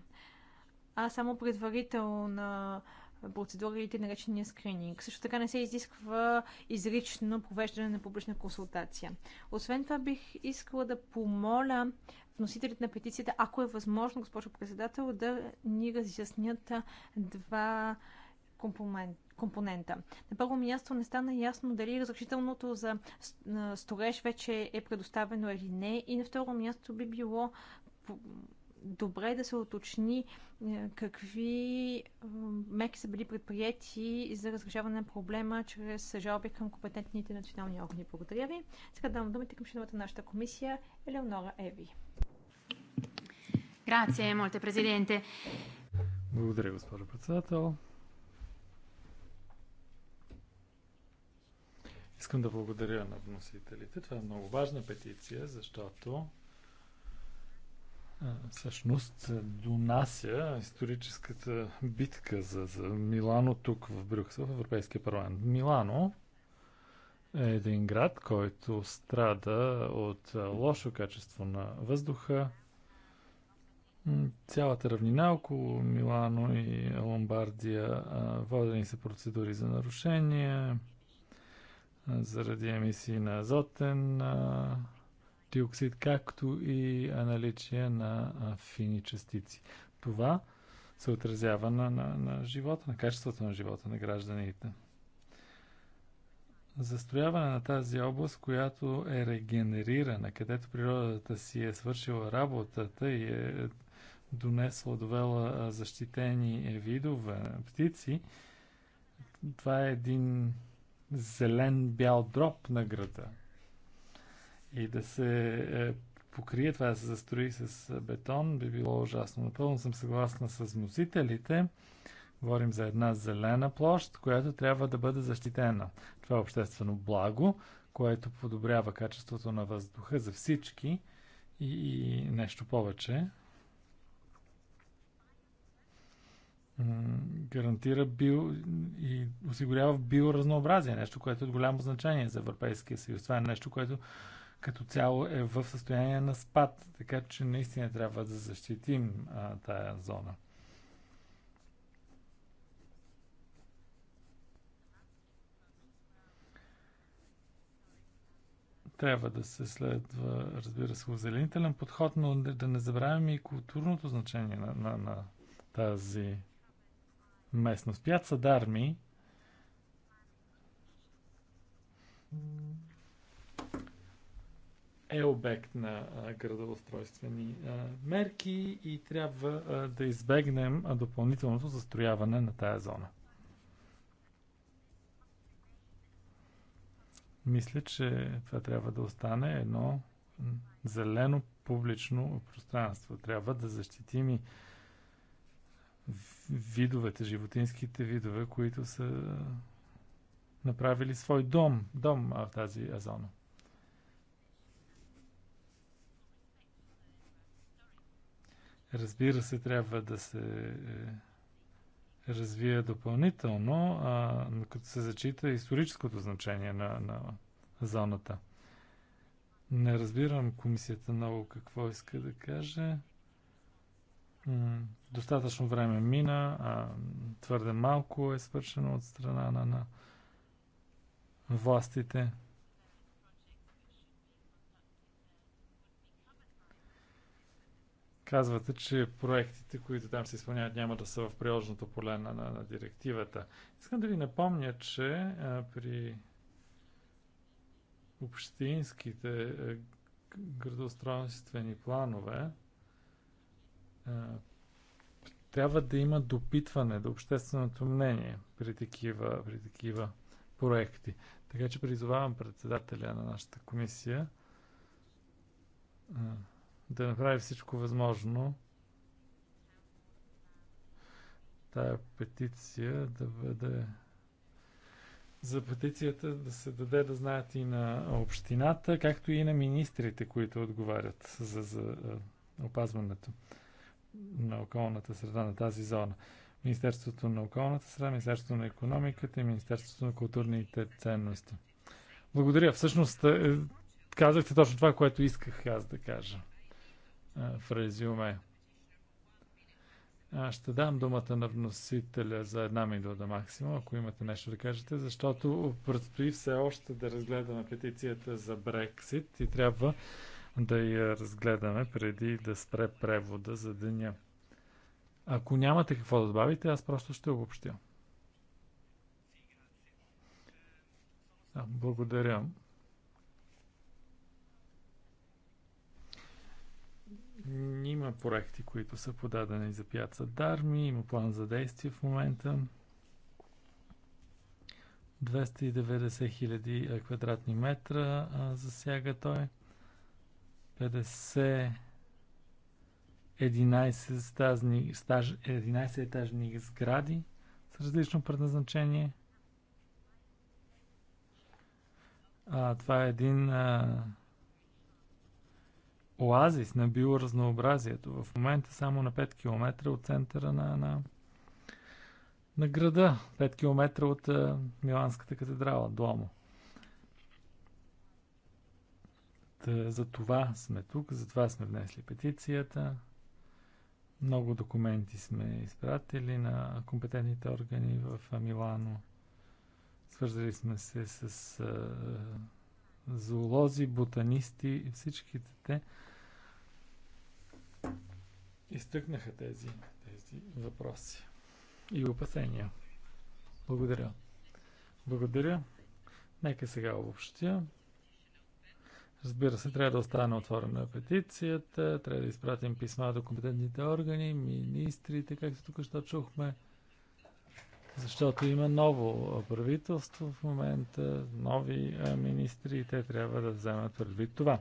а само предварителна процедурите, наречения скрининг. Също така не се изисква изрично провеждане на публична консултация. Освен това бих искала да помоля вносителите на петицията, ако е възможно, госпожо председател, да ни разяснят два компонента. компонента. На първо място не стана ясно дали разрешителното за сторож вече е предоставено или не. И на второ място би било добре е да се уточни е, какви е, меки са били предприяти за разрешаване на проблема чрез жалби към компетентните национални органи. Благодаря ви. Сега давам думите към членовете на нашата комисия Елеонора Еви. Грация, молите, президенте. Благодаря, госпожо председател. Искам да благодаря на вносителите. Това е много важна петиция, защото всъщност донася историческата битка за, за Милано тук в Брюксел, в Европейския парламент. Милано е един град, който страда от лошо качество на въздуха. Цялата равнина около Милано и Ломбардия водени са процедури за нарушение заради емисии на азотен диоксид, както и наличие на фини частици. Това се отразява на, на, на живота, на качеството на живота на гражданите. Застрояване на тази област, която е регенерирана, където природата си е свършила работата и е донесла, довела защитени е, видове птици, това е един зелен бял дроб на града и да се е, покрие това да се застрои с е, бетон, би било ужасно. Напълно съм съгласна с носителите. Говорим за една зелена площ, която трябва да бъде защитена. Това е обществено благо, което подобрява качеството на въздуха за всички и, и нещо повече. гарантира био и осигурява биоразнообразие, нещо, което е от голямо значение за Европейския съюз. Това е нещо, което като цяло е в състояние на спад, така че наистина трябва да защитим а, тая зона. трябва да се следва, разбира се, озеленителен подход, но да не забравяме и културното значение на, на, на тази местност. Пят дарми е обект на градоустройствени мерки и трябва да избегнем допълнителното застрояване на тая зона. Мисля, че това трябва да остане едно зелено публично пространство. Трябва да защитим и видовете, животинските видове, които са направили свой дом, дом в тази зона. Разбира се, трябва да се е, развие допълнително, а, като се зачита историческото значение на, на зоната. Не разбирам комисията много какво иска да каже. достатъчно време мина, а, твърде малко е свършено от страна на, на властите. Казвате, че проектите, които там се изпълняват, няма да са в приложното поле на, на, на директивата. Искам да ви напомня, че а, при общинските а, градоустройствени планове а, трябва да има допитване до общественото мнение при такива, при такива проекти. Така че призовавам председателя на нашата комисия да направи всичко възможно тая петиция да бъде за петицията да се даде да знаят и на общината, както и на министрите, които отговарят за, за опазването на околната среда на тази зона. Министерството на околната среда, Министерството на економиката и Министерството на културните ценности. Благодаря. Всъщност, е, казахте точно това, което исках аз да кажа в резюме. Аз ще дам думата на вносителя за една минута максимум, ако имате нещо да кажете, защото предстои все още да разгледаме петицията за Брексит и трябва да я разгледаме преди да спре превода за деня. Ако нямате какво да добавите, аз просто ще обобщя. Благодаря. Има проекти, които са подадени за пяца Дарми, има план за действие в момента. 290 хиляди квадратни метра а, засяга той. 50 11 11 етажни сгради с различно предназначение. А, това е един а, оазис на биоразнообразието. В момента само на 5 км от центъра на, на, на града. 5 км от а, е, Миланската катедрала, Дуамо. Та, за това сме тук, за това сме внесли петицията. Много документи сме изпратили на компетентните органи в е, Милано. Свързали сме се с а, е, зоолози, ботанисти, и всичките те изтъкнаха тези, тези въпроси и опасения. Благодаря. Благодаря. Нека сега обобщя. Разбира се, трябва да остане отворена петицията, трябва да изпратим писма до компетентните органи, министрите, както тук ще чухме, защото има ново правителство в момента, нови министри и те трябва да вземат предвид това.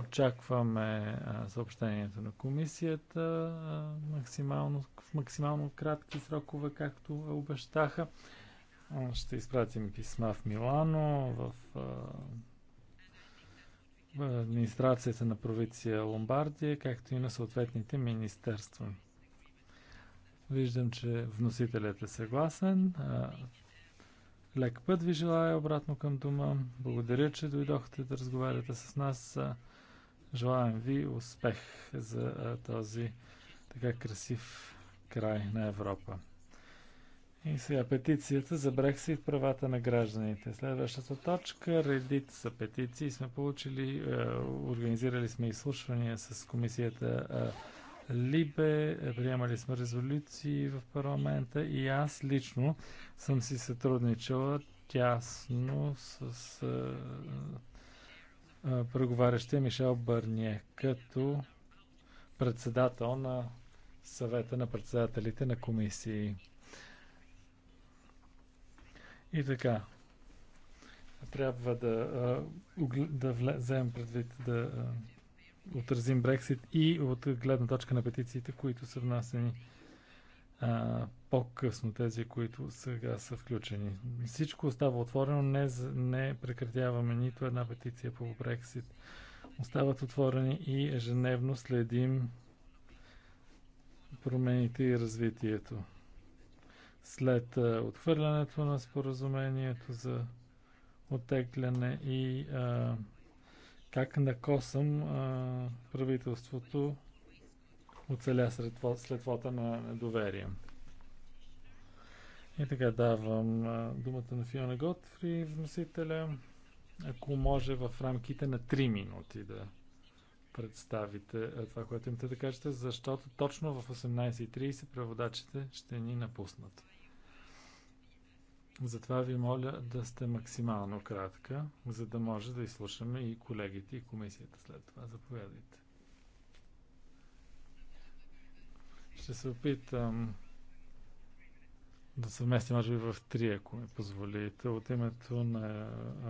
Очакваме а, съобщението на комисията а, максимално, в максимално кратки срокове, както обещаха. ще изпратим писма в Милано, в, в администрацията на провинция Ломбардия, както и на съответните министерства. Виждам, че вносителят е съгласен. Лек път ви желая обратно към дома. Благодаря, че дойдохте да разговаряте с нас. Желаем ви успех за този така красив край на Европа. И сега петицията за Брексит правата на гражданите. Следващата точка, за петиции сме получили, е, организирали сме изслушвания с комисията Либе, приемали сме резолюции в парламента и аз лично съм си сътрудничала тясно с преговарящия Мишел Бърние като председател на съвета на председателите на комисии. И така, трябва да, да вземем предвид да отразим Брексит и от гледна точка на петициите, които са внасени по-късно тези, които сега са включени. Всичко остава отворено, не, не прекратяваме нито една петиция по Брексит. Остават отворени и ежедневно следим промените и развитието. След отхвърлянето на споразумението за отегляне и а, как накосам а, правителството оцеля след, след вота на недоверие. И така давам думата на Фиона Готфри, вносителя. Ако може в рамките на 3 минути да представите това, което имате да кажете, защото точно в 18.30 преводачите ще ни напуснат. Затова ви моля да сте максимално кратка, за да може да изслушаме и колегите и комисията след това. Заповядайте. Ще се опитам да съвместим, може би, в три, ако ми позволите, от името на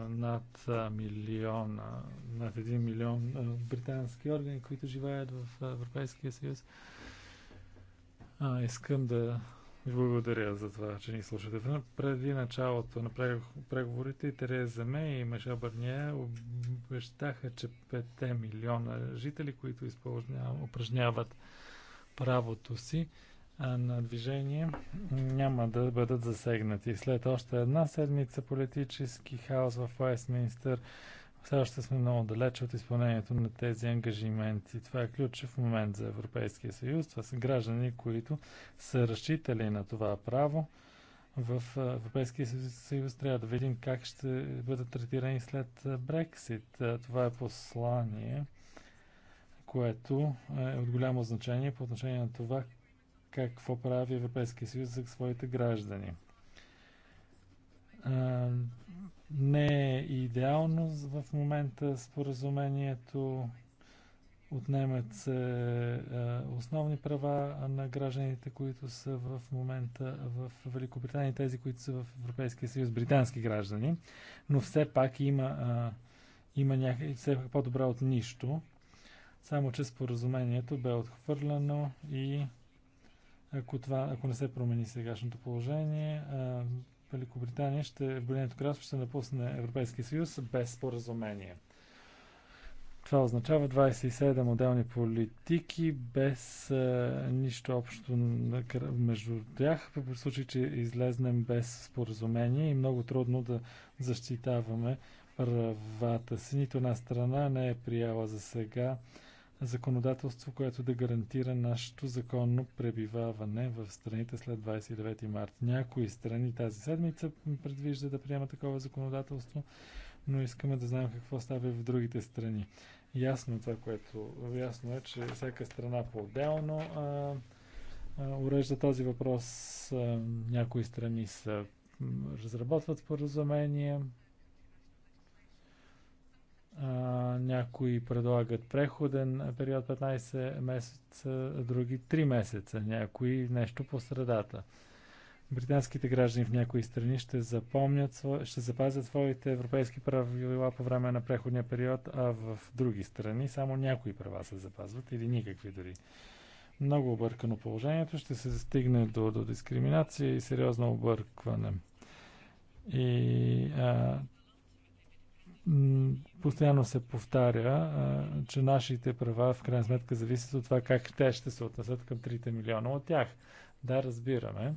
над милиона, над един милион британски органи, които живеят в Европейския съюз. А, искам да ви благодаря за това, че ни слушате. Преди началото на преговорите Тереза Мей и Мишел Барния обещаха, че 5 милиона жители, които упражняват правото си на движение няма да бъдат засегнати. След още една седмица политически хаос в Уестминстър, все още сме много далече от изпълнението на тези ангажименти. Това е ключов момент за Европейския съюз. Това са граждани, които са разчитали на това право. В Европейския съюз трябва да видим как ще бъдат третирани след Брексит. Това е послание което е от голямо значение по отношение на това какво прави Европейския съюз за своите граждани. Не е идеално в момента споразумението. Отнемат се основни права на гражданите, които са в момента в Великобритания тези, които са в Европейския съюз, британски граждани. Но все пак има, има някакъв, все пак по-добре от нищо само, че споразумението бе отхвърлено и ако, това, ако не се промени сегашното положение, Великобритания ще, Обединеното кралство ще напусне Европейския съюз без споразумение. Това означава 27 отделни политики без а, нищо общо между тях, в случай, че излезнем без споразумение и много трудно да защитаваме правата си. Нито една страна не е прияла за сега законодателство, което да гарантира нашето законно пребиваване в страните след 29 март. Някои страни тази седмица предвижда да приема такова законодателство, но искаме да знаем какво става в другите страни. Ясно е това, което ясно е, че всяка страна по-отделно урежда този въпрос. А, някои страни са разработват споразумения, някои предлагат преходен период 15 месеца, други 3 месеца, някои нещо по средата. Британските граждани в някои страни ще, запомнят, ще запазят своите европейски правила по време на преходния период, а в други страни само някои права се запазват или никакви дори. Много объркано положението ще се стигне до, до дискриминация и сериозно объркване. И а, постоянно се повтаря, че нашите права в крайна сметка зависят от това как те ще се отнесат към 3 милиона от тях. Да, разбираме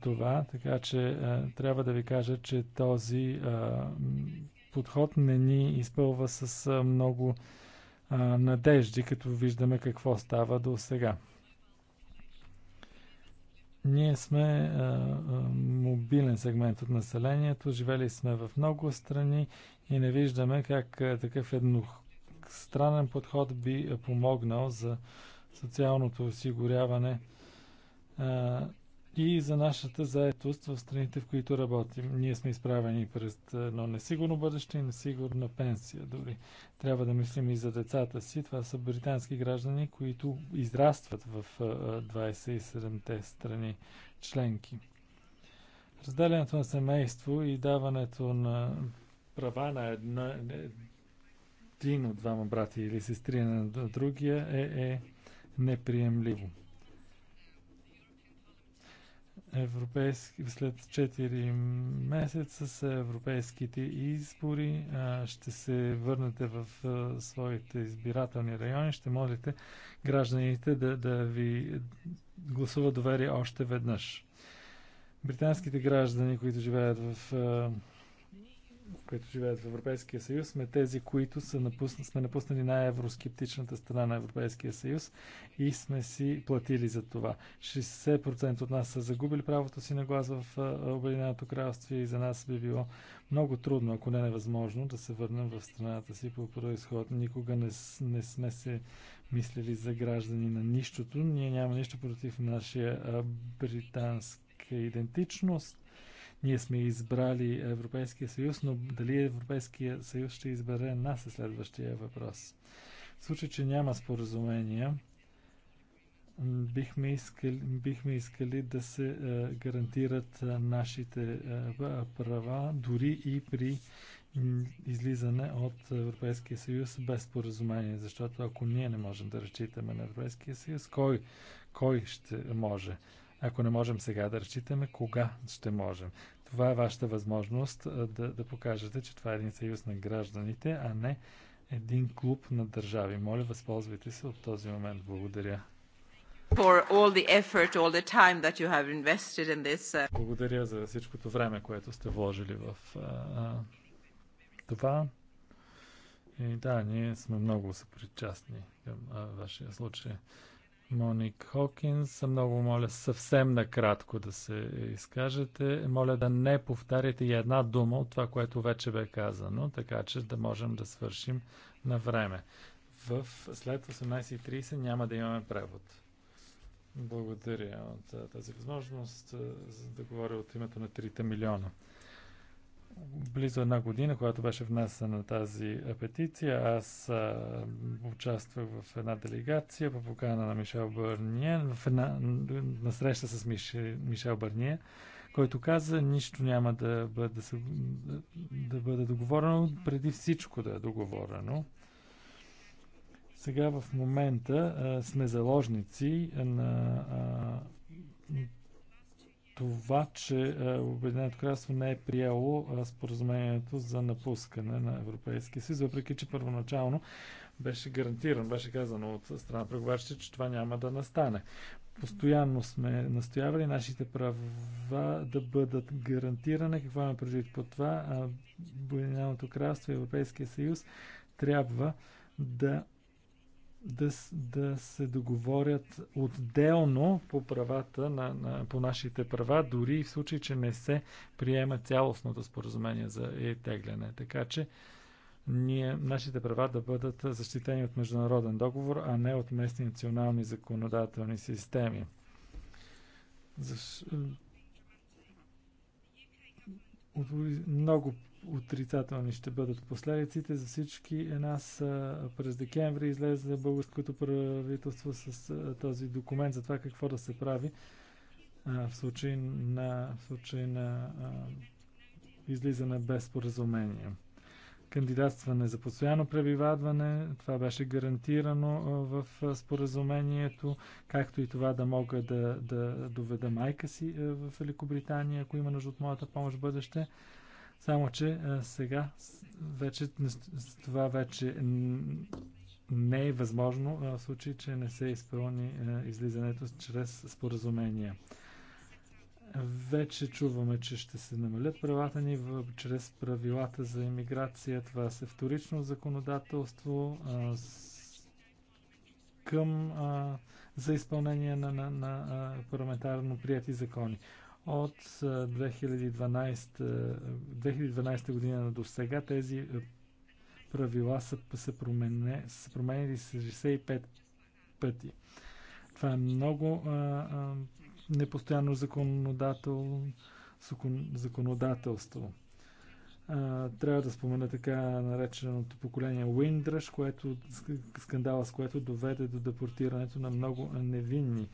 това, така че трябва да ви кажа, че този подход не ни изпълва с много надежди, като виждаме какво става до сега. Ние сме а, е, а, е, мобилен сегмент от населението, живели сме в много страни и не виждаме как а, е, такъв едностранен подход би помогнал за социалното осигуряване и за нашата заетост в страните, в които работим. Ние сме изправени пред едно несигурно бъдеще и несигурна пенсия дори. Трябва да мислим и за децата си. Това са британски граждани, които израстват в 27-те страни членки. Разделянето на семейство и даването на права на една, един от двама брати или сестри на другия е, е неприемливо европейски, след 4 месеца са европейските избори. Ще се върнете в своите избирателни райони. Ще молите гражданите да, да ви гласуват доверие още веднъж. Британските граждани, които живеят в които живеят в Европейския съюз, сме тези, които са напусна, сме напуснали най-евроскептичната страна на Европейския съюз и сме си платили за това. 60% от нас са загубили правото си на глас в Обединеното кралство и за нас би било много трудно, ако не е невъзможно, да се върнем в страната си по происход. Никога не, не сме се мислили за граждани на нищото. Ние няма нищо против нашия британска идентичност ние сме избрали Европейския съюз, но дали Европейския съюз ще избере нас е следващия въпрос. В случай, че няма споразумения, бихме искали, бихме искали да се е, гарантират е, нашите е, права, дори и при излизане от Европейския съюз без споразумение, защото ако ние не можем да разчитаме на Европейския съюз, кой, кой ще може? Ако не можем сега да разчитаме, кога ще можем? Това е вашата възможност да, да покажете, че това е един съюз на гражданите, а не един клуб на държави. Моля, възползвайте се от този момент. Благодаря. Effort, in this... Uh, Благодаря за всичкото време, което сте вложили в uh, това. И да, ние сме много съпричастни към uh, вашия случай. Моник Хокинс, много моля съвсем накратко да се изкажете. Моля да не повтаряте и една дума от това, което вече бе казано, така че да можем да свършим на време. В след 18.30 няма да имаме превод. Благодаря от тази възможност да говоря от името на 3 милиона близо една година, когато беше внесена тази петиция, аз а, участвах в една делегация по покана на Мишел Бърния в една, на среща с Миш, Мишел Бърния, който каза, нищо няма да бъде, да, се, да бъде договорено, преди всичко да е договорено. Сега в момента а, сме заложници на а, това, че е, Обединеното кралство не е приело е, споразумението за напускане на Европейския съюз, въпреки че първоначално беше гарантирано, беше казано от страна преговарящите, че това няма да настане. Постоянно сме настоявали нашите права да бъдат гарантирани. Какво има предвид по това? Е, Обединеното кралство и Европейския съюз трябва да да, да се договорят отделно по правата, на, на, по нашите права, дори и в случай, че не се приема цялостното споразумение за етегляне. Така че ние, нашите права да бъдат защитени от международен договор, а не от местни национални законодателни системи. Защ... Много отрицателни ще бъдат последиците за всички нас. През декември излезе българското правителство с този документ за това какво да се прави в случай на, в случай на излизане без споразумение. Кандидатстване за постоянно пребиваване, това беше гарантирано в споразумението, както и това да мога да, да доведа майка си в Великобритания, ако има нужда от моята помощ в бъдеще. Само, че сега вече, това вече не е възможно в случай, че не се изпълни излизането чрез споразумение. Вече чуваме, че ще се намалят правата ни в, чрез правилата за иммиграция. Това се вторично законодателство а, с, към а, за изпълнение на, на, на парламентарно прияти закони. От 2012, 2012 година до сега тези правила са, са, промене, са променили 65 пъти. Това е много а, а, непостоянно законодател, законодателство. А, трябва да спомена така нареченото поколение Windrush, което, скандала с което доведе до депортирането на много невинни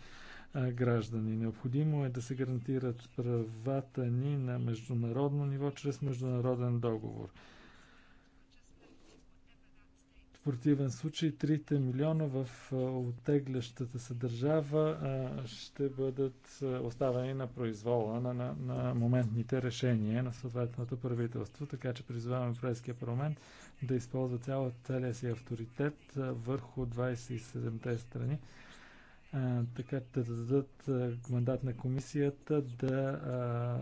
граждани. Необходимо е да се гарантират правата ни на международно ниво чрез международен договор. В противен случай 3 милиона в оттеглящата се държава ще бъдат оставени на произвола на, на, на моментните решения на съответното правителство. Така че призваваме Европейския парламент да използва цялата целия си авторитет върху 27-те страни, така да дадат мандат на комисията да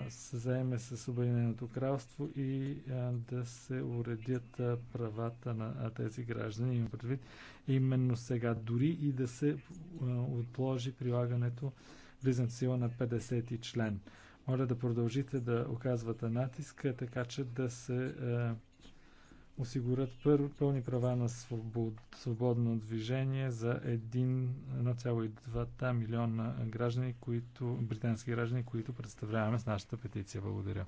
се заеме с Обединеното кралство и да се уредят правата на тези граждани. Имам предвид именно сега, дори и да се отложи прилагането влизането сила на 50 ти член. Моля да продължите да оказвате натиска, така че да се осигурят пълни права на свобод, свободно движение за 1,2 милиона граждани, които, британски граждани, които представляваме с нашата петиция. Благодаря.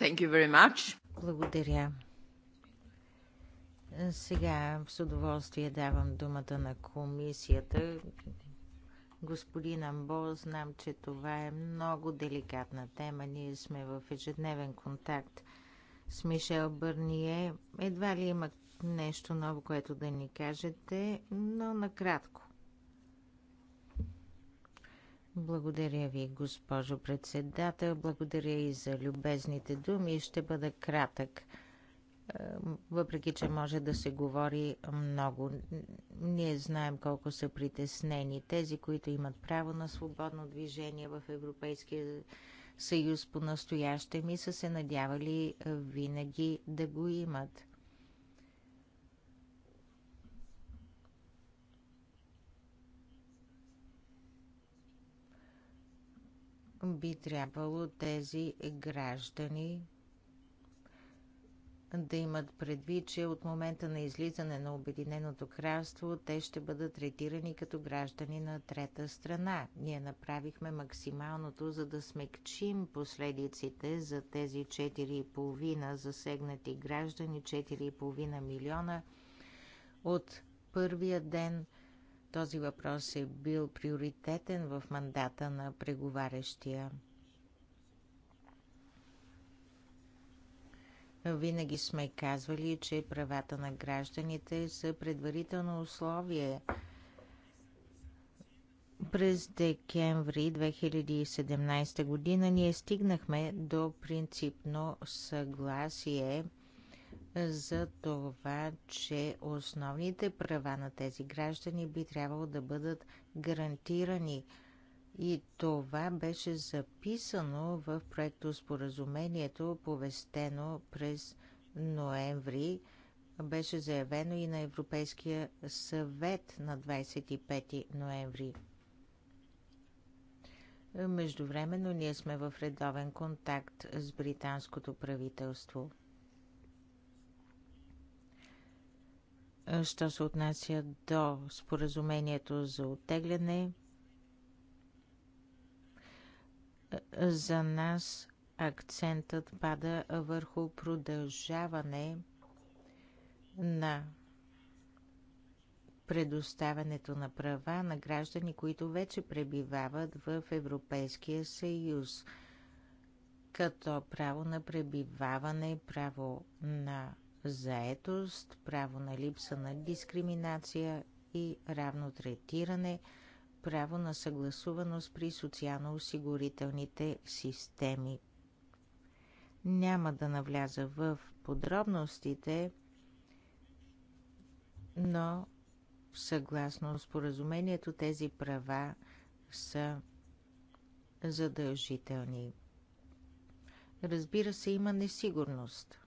Thank you very much. Благодаря. Сега с удоволствие давам думата на комисията. Господин Амбо, знам, че това е много деликатна тема. Ние сме в ежедневен контакт с Мишел Бърние. Едва ли има нещо ново, което да ни кажете, но накратко. Благодаря ви, госпожо председател. Благодаря и за любезните думи. Ще бъда кратък, е, въпреки че може да се говори много. Ние знаем колко са притеснени тези, които имат право на свободно движение в Европейския съюз по-настояще ми са се надявали винаги да го имат. Би трябвало тези граждани да имат предвид, че от момента на излизане на Обединеното кралство те ще бъдат третирани като граждани на трета страна. Ние направихме максималното, за да смекчим последиците за тези 4,5 засегнати граждани, 4,5 милиона. От първия ден този въпрос е бил приоритетен в мандата на преговарящия. Винаги сме казвали, че правата на гражданите са предварително условие. През декември 2017 година ние стигнахме до принципно съгласие за това, че основните права на тези граждани би трябвало да бъдат гарантирани – и това беше записано в проекто споразумението, повестено през ноември. Беше заявено и на Европейския съвет на 25 ноември. Междувременно ние сме в редовен контакт с британското правителство. Що се отнася до споразумението за оттегляне, За нас акцентът пада върху продължаване на предоставянето на права на граждани, които вече пребивават в Европейския съюз, като право на пребиваване, право на заетост, право на липса на дискриминация и равно третиране – право на съгласуваност при социално-осигурителните системи. Няма да навляза в подробностите, но съгласно споразумението тези права са задължителни. Разбира се, има несигурност.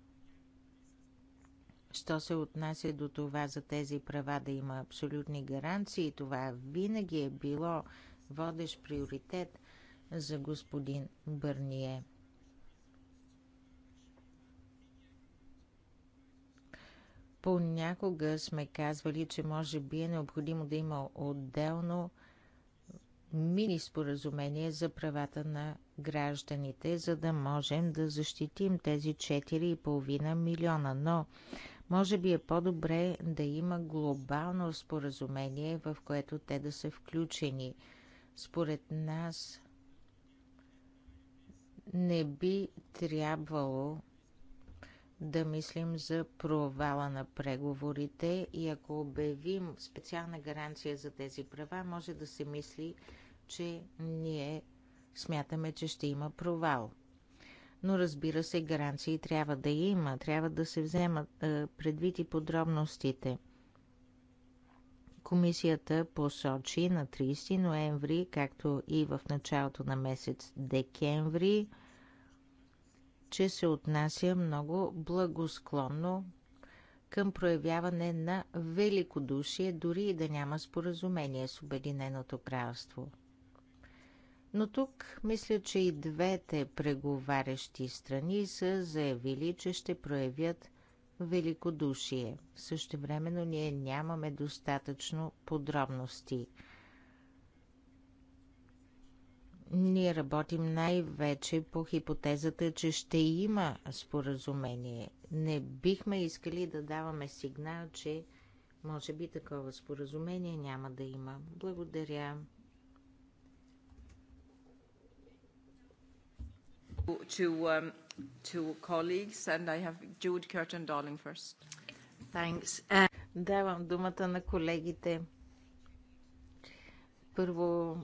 Що се отнася до това за тези права да има абсолютни гаранции, това винаги е било водещ приоритет за господин Бърние. Понякога сме казвали, че може би е необходимо да има отделно мини споразумение за правата на гражданите, за да можем да защитим тези 4,5 милиона. Но може би е по-добре да има глобално споразумение, в което те да са включени. Според нас не би трябвало да мислим за провала на преговорите и ако обявим специална гаранция за тези права, може да се мисли, че ние смятаме, че ще има провал но разбира се, гаранции трябва да има, трябва да се вземат предвид и подробностите. Комисията посочи на 30 ноември, както и в началото на месец декември, че се отнася много благосклонно към проявяване на великодушие, дори и да няма споразумение с Обединеното кралство. Но тук мисля, че и двете преговарящи страни са заявили, че ще проявят великодушие. времено ние нямаме достатъчно подробности. Ние работим най-вече по хипотезата, че ще има споразумение. Не бихме искали да даваме сигнал, че може би такова споразумение няма да има. Благодаря. to, um, to colleagues, and I have Jude Curtin Darling first. Thanks. Uh, давам думата на колегите. Първо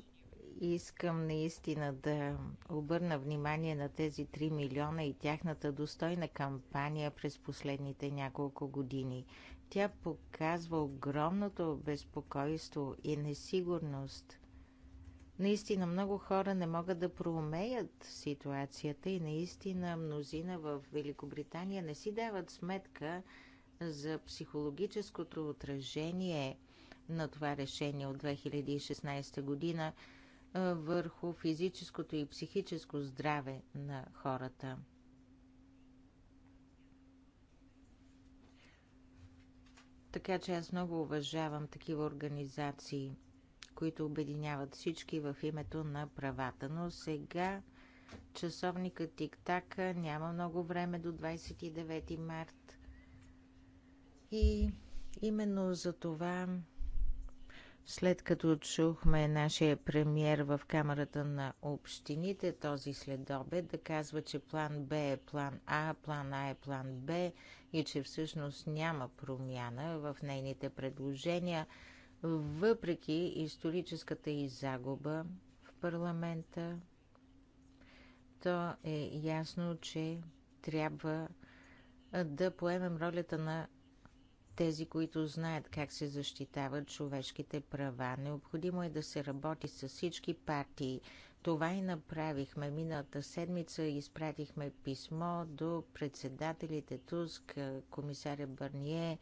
искам наистина да обърна внимание на тези 3 милиона и тяхната достойна кампания през последните няколко години. Тя показва огромното безпокойство и несигурност – Наистина много хора не могат да проумеят ситуацията и наистина мнозина в Великобритания не си дават сметка за психологическото отражение на това решение от 2016 година върху физическото и психическо здраве на хората. Така че аз много уважавам такива организации – които обединяват всички в името на правата. Но сега часовника тик-така, няма много време до 29 март. И именно за това, след като чухме нашия премьер в Камерата на общините този следобед да казва, че план Б е план А, план А е план Б и че всъщност няма промяна в нейните предложения – въпреки историческата и загуба в парламента, то е ясно, че трябва да поемем ролята на тези, които знаят как се защитават човешките права. Необходимо е да се работи с всички партии. Това и направихме. Миналата седмица изпратихме писмо до председателите Туск, комисаря Бърние,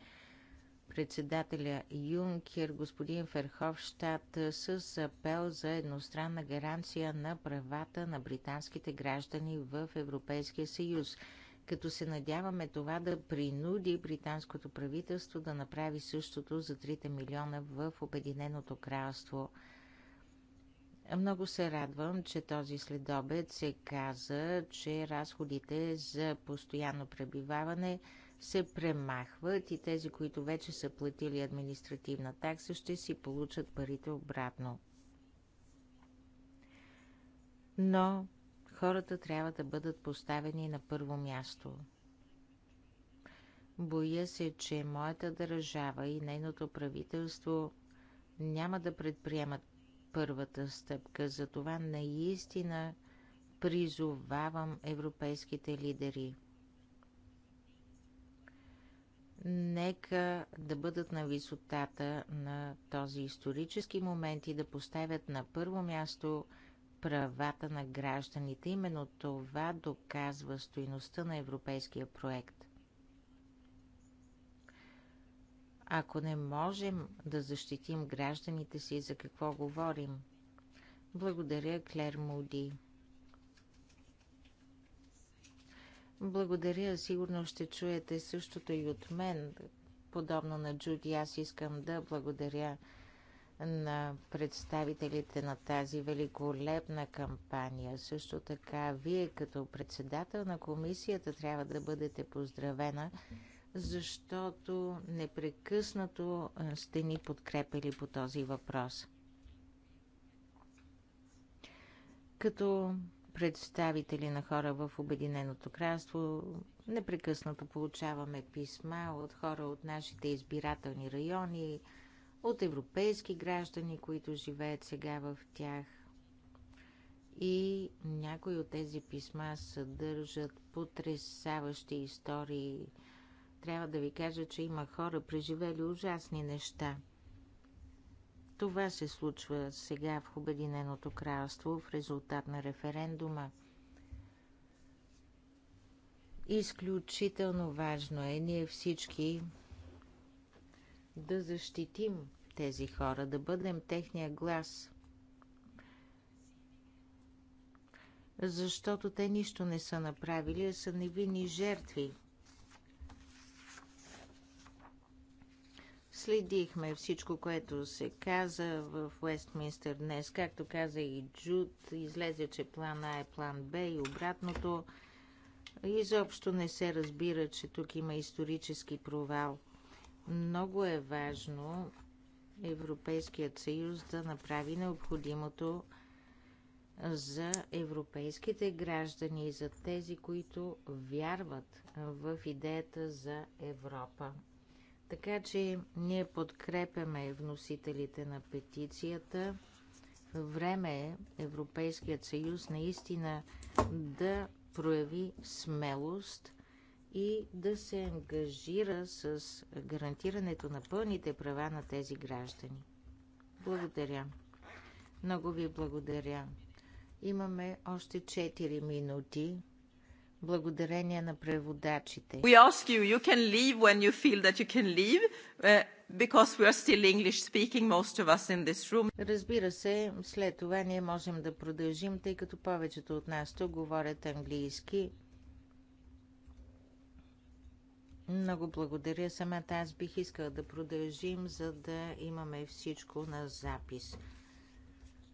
председателя Юнкер, господин Ферховщад, с апел за едностранна гаранция на правата на британските граждани в Европейския съюз, като се надяваме това да принуди британското правителство да направи същото за 3 милиона в Обединеното кралство. Много се радвам, че този следобед се каза, че разходите за постоянно пребиваване – се премахват и тези, които вече са платили административна такса, ще си получат парите обратно. Но хората трябва да бъдат поставени на първо място. Боя се, че моята държава и нейното правителство няма да предприемат първата стъпка. Затова наистина призовавам европейските лидери – нека да бъдат на висотата на този исторически момент и да поставят на първо място правата на гражданите. Именно това доказва стоиността на европейския проект. Ако не можем да защитим гражданите си, за какво говорим? Благодаря, Клер Муди. Благодаря. Сигурно ще чуете същото и от мен. Подобно на Джуди, аз искам да благодаря на представителите на тази великолепна кампания. Също така, вие като председател на комисията трябва да бъдете поздравена, защото непрекъснато сте ни подкрепили по този въпрос. Като представители на хора в Обединеното кралство. Непрекъснато получаваме писма от хора от нашите избирателни райони, от европейски граждани, които живеят сега в тях. И някои от тези писма съдържат потрясаващи истории. Трябва да ви кажа, че има хора, преживели ужасни неща – това се случва сега в Обединеното кралство в резултат на референдума. Изключително важно е ние всички да защитим тези хора, да бъдем техния глас. Защото те нищо не са направили, а са невинни жертви – Следихме всичко, което се каза в Уестминстър днес. Както каза и Джуд, излезе, че план А е план Б и обратното. Изобщо не се разбира, че тук има исторически провал. Много е важно Европейският съюз да направи необходимото за европейските граждани и за тези, които вярват в идеята за Европа. Така че ние подкрепяме вносителите на петицията. Време е Европейският съюз наистина да прояви смелост и да се ангажира с гарантирането на пълните права на тези граждани. Благодаря. Много ви благодаря. Имаме още 4 минути благодарение на преводачите. We ask you, you can leave when you feel that you can leave, uh, because we are still English speaking, most of us in this room. Разбира се, след това ние можем да продължим, тъй като повечето от нас тук говорят английски. Много благодаря. Самата аз бих искала да продължим, за да имаме всичко на запис.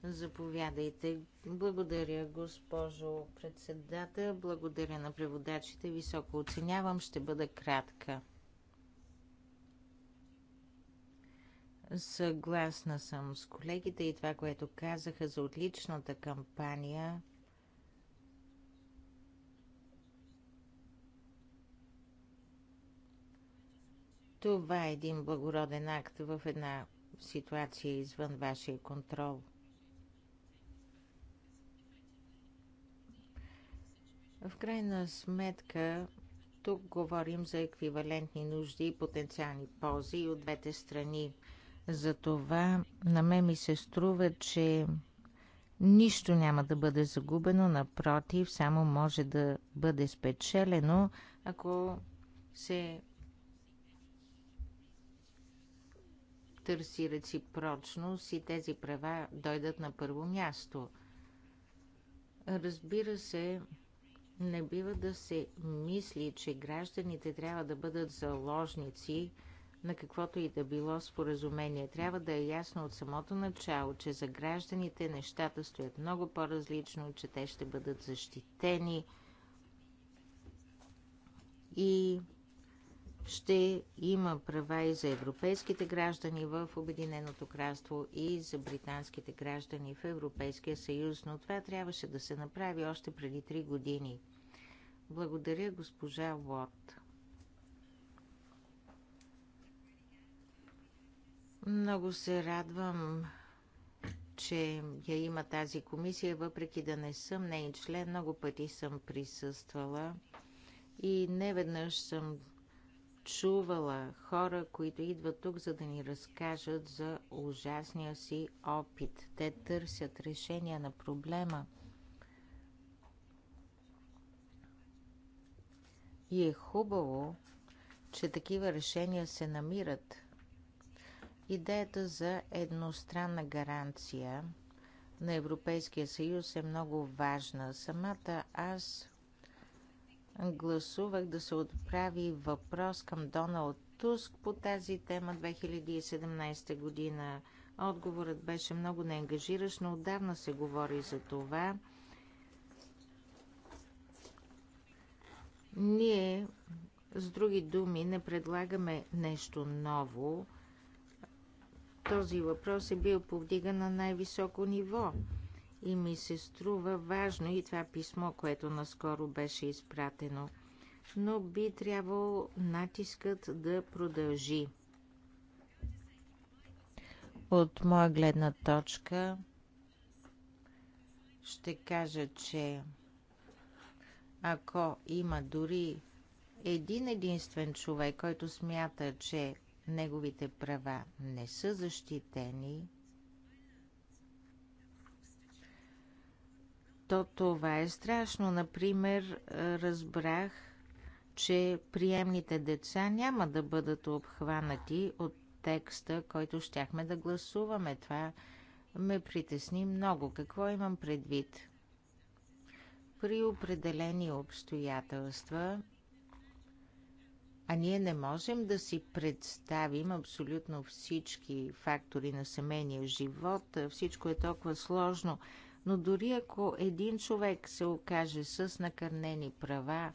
Заповядайте. Благодаря, госпожо председател. Благодаря на преводачите. Високо оценявам. Ще бъда кратка. Съгласна съм с колегите и това, което казаха за отличната кампания. Това е един благороден акт в една ситуация извън вашия контрол. В крайна сметка, тук говорим за еквивалентни нужди и потенциални ползи от двете страни. Затова на мен ми се струва, че нищо няма да бъде загубено, напротив, само може да бъде спечелено, ако се търси реципрочност и тези права дойдат на първо място. Разбира се, не бива да се мисли, че гражданите трябва да бъдат заложници на каквото и да било споразумение. Трябва да е ясно от самото начало, че за гражданите нещата стоят много по-различно, че те ще бъдат защитени и ще има права и за европейските граждани в Обединеното кралство и за британските граждани в Европейския съюз, но това трябваше да се направи още преди три години – благодаря, госпожа Уорд. Много се радвам, че я има тази комисия, въпреки да не съм нейн член. Много пъти съм присъствала и неведнъж съм чувала хора, които идват тук, за да ни разкажат за ужасния си опит. Те търсят решение на проблема – И е хубаво, че такива решения се намират. Идеята за едностранна гаранция на Европейския съюз е много важна. Самата аз гласувах да се отправи въпрос към Доналд Туск по тази тема 2017 година. Отговорът беше много неангажиращ, но отдавна се говори за това – Ние, с други думи, не предлагаме нещо ново. Този въпрос е бил повдиган на най-високо ниво и ми се струва важно и това писмо, което наскоро беше изпратено. Но би трябвало натискът да продължи. От моя гледна точка ще кажа, че ако има дори един единствен човек, който смята, че неговите права не са защитени, то това е страшно. Например, разбрах, че приемните деца няма да бъдат обхванати от текста, който щяхме да гласуваме. Това ме притесни много. Какво имам предвид? при определени обстоятелства, а ние не можем да си представим абсолютно всички фактори на семейния живот, всичко е толкова сложно, но дори ако един човек се окаже с накърнени права,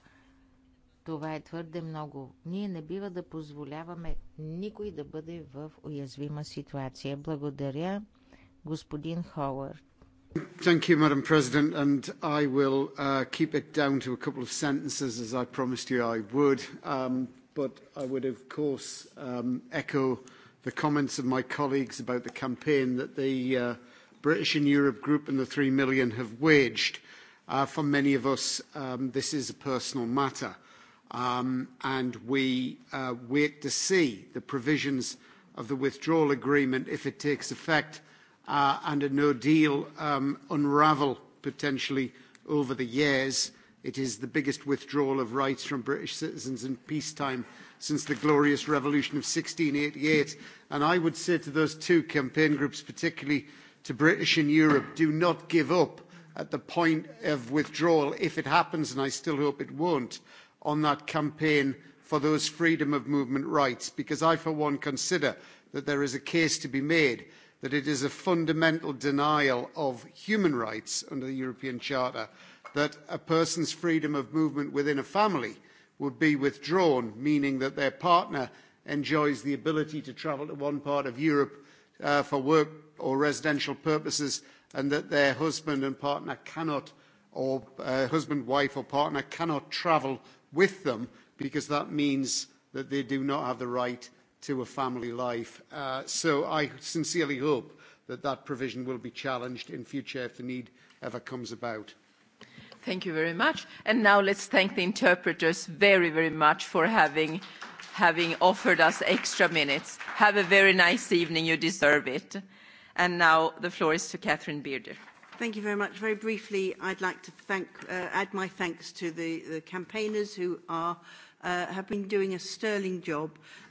това е твърде много. Ние не бива да позволяваме никой да бъде в уязвима ситуация. Благодаря, господин Ховард. Thank you, Madam President, and I will uh, keep it down to a couple of sentences as I promised you I would. Um, but I would, of course, um, echo the comments of my colleagues about the campaign that the uh, British in Europe group and the three million have waged. Uh, for many of us, um, this is a personal matter, um, and we uh, wait to see the provisions of the withdrawal agreement if it takes effect – uh, and a no deal um, unravel potentially over the years. It is the biggest withdrawal of rights from British citizens in peacetime since the glorious revolution of 1688. And I would say to those two campaign groups, particularly to British in Europe, do not give up at the point of withdrawal, if it happens, and I still hope it won't, on that campaign for those freedom of movement rights, because I, for one, consider that there is a case to be made that it is a fundamental denial of human rights under the European Charter that a person's freedom of movement within a family would be withdrawn, meaning that their partner enjoys the ability to travel to one part of Europe uh, for work or residential purposes and that their husband and partner cannot or uh, husband, wife or partner cannot travel with them because that means that they do not have the right to a family life. Uh, so I sincerely hope that that provision will be challenged in future if the need ever comes about. Thank you very much. And now let's thank the interpreters very, very much for having, having offered us extra minutes. Have a very nice evening. You deserve it. And now the floor is to Catherine Bearder. Thank you very much. Very briefly, I'd like to thank, uh, add my thanks to the, the campaigners who are, uh, have been doing a sterling job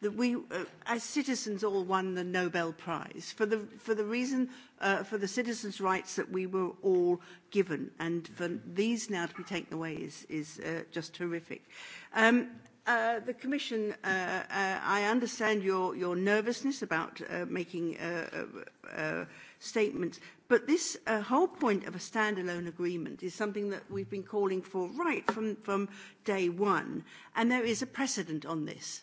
that we, uh, as citizens, all won the Nobel Prize for the, for the reason, uh, for the citizens' rights that we were all given. And for these now to be taken away is, is uh, just terrific. Um, uh, the Commission, uh, uh, I understand your, your nervousness about uh, making uh, uh, statements, but this uh, whole point of a standalone agreement is something that we've been calling for right from, from day one, and there is a precedent on this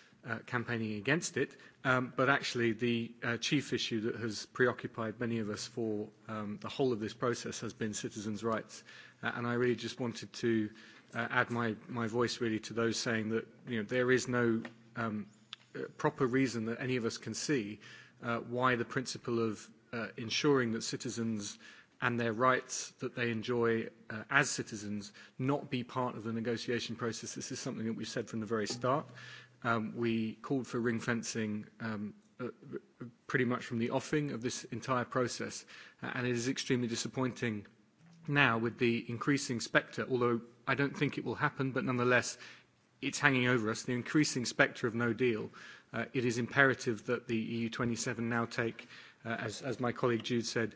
uh, campaigning against it, um, but actually the uh, chief issue that has preoccupied many of us for um, the whole of this process has been citizens' rights. Uh, and I really just wanted to uh, add my, my voice really to those saying that you know, there is no um, proper reason that any of us can see uh, why the principle of uh, ensuring that citizens and their rights that they enjoy uh, as citizens not be part of the negotiation process. This is something that we've said from the very start. Um, we called for ring fencing um, pretty much from the offing of this entire process. And it is extremely disappointing now with the increasing spectre, although I don't think it will happen, but nonetheless, it's hanging over us, the increasing spectre of no deal. Uh, it is imperative that the EU 27 now take, uh, as, as my colleague Jude said,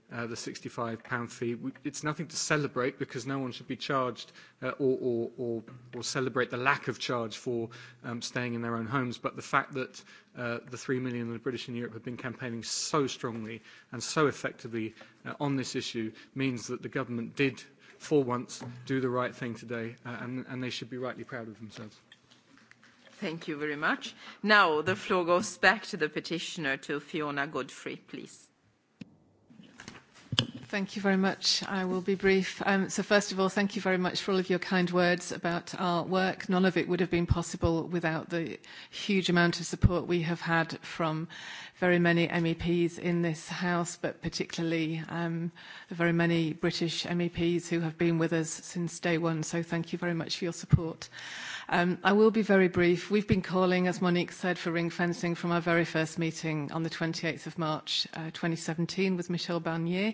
uh, the £65 fee. We It's nothing to celebrate because no one should be charged uh, or, or, or, or celebrate the lack of charge for um, staying in their own homes. But the fact that uh, the 3 million of the British in Europe have been campaigning so strongly and so effectively uh, on this issue means that the government did, for once, do the right thing today uh, and, and they should be rightly proud of themselves. Thank you very much. Now the floor goes back to the petitioner, to Fiona Godfrey, please. Thank you very much. I will be brief. Um, so first of all, thank you very much for all of your kind words about our work. None of it would have been possible without the huge amount of support we have had from very many MEPs in this House, but particularly um, the very many British MEPs who have been with us since day one. So thank you very much for your support. Um, I will be very brief. We've been calling, as Monique said, for ring fencing from our very first meeting on the 28th of March uh, 2017 with Michel Barnier.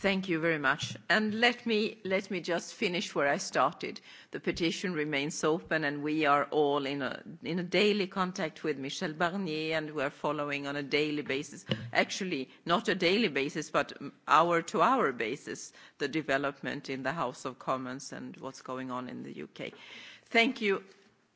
Thank you very much. And let me, let me just finish where I started. The petition remains open and we are all in a, in a daily contact with Michel Barnier and we are following on a daily basis, actually not a daily basis, but hour to hour basis, the development in the House of Commons and what's going on in the UK. Thank you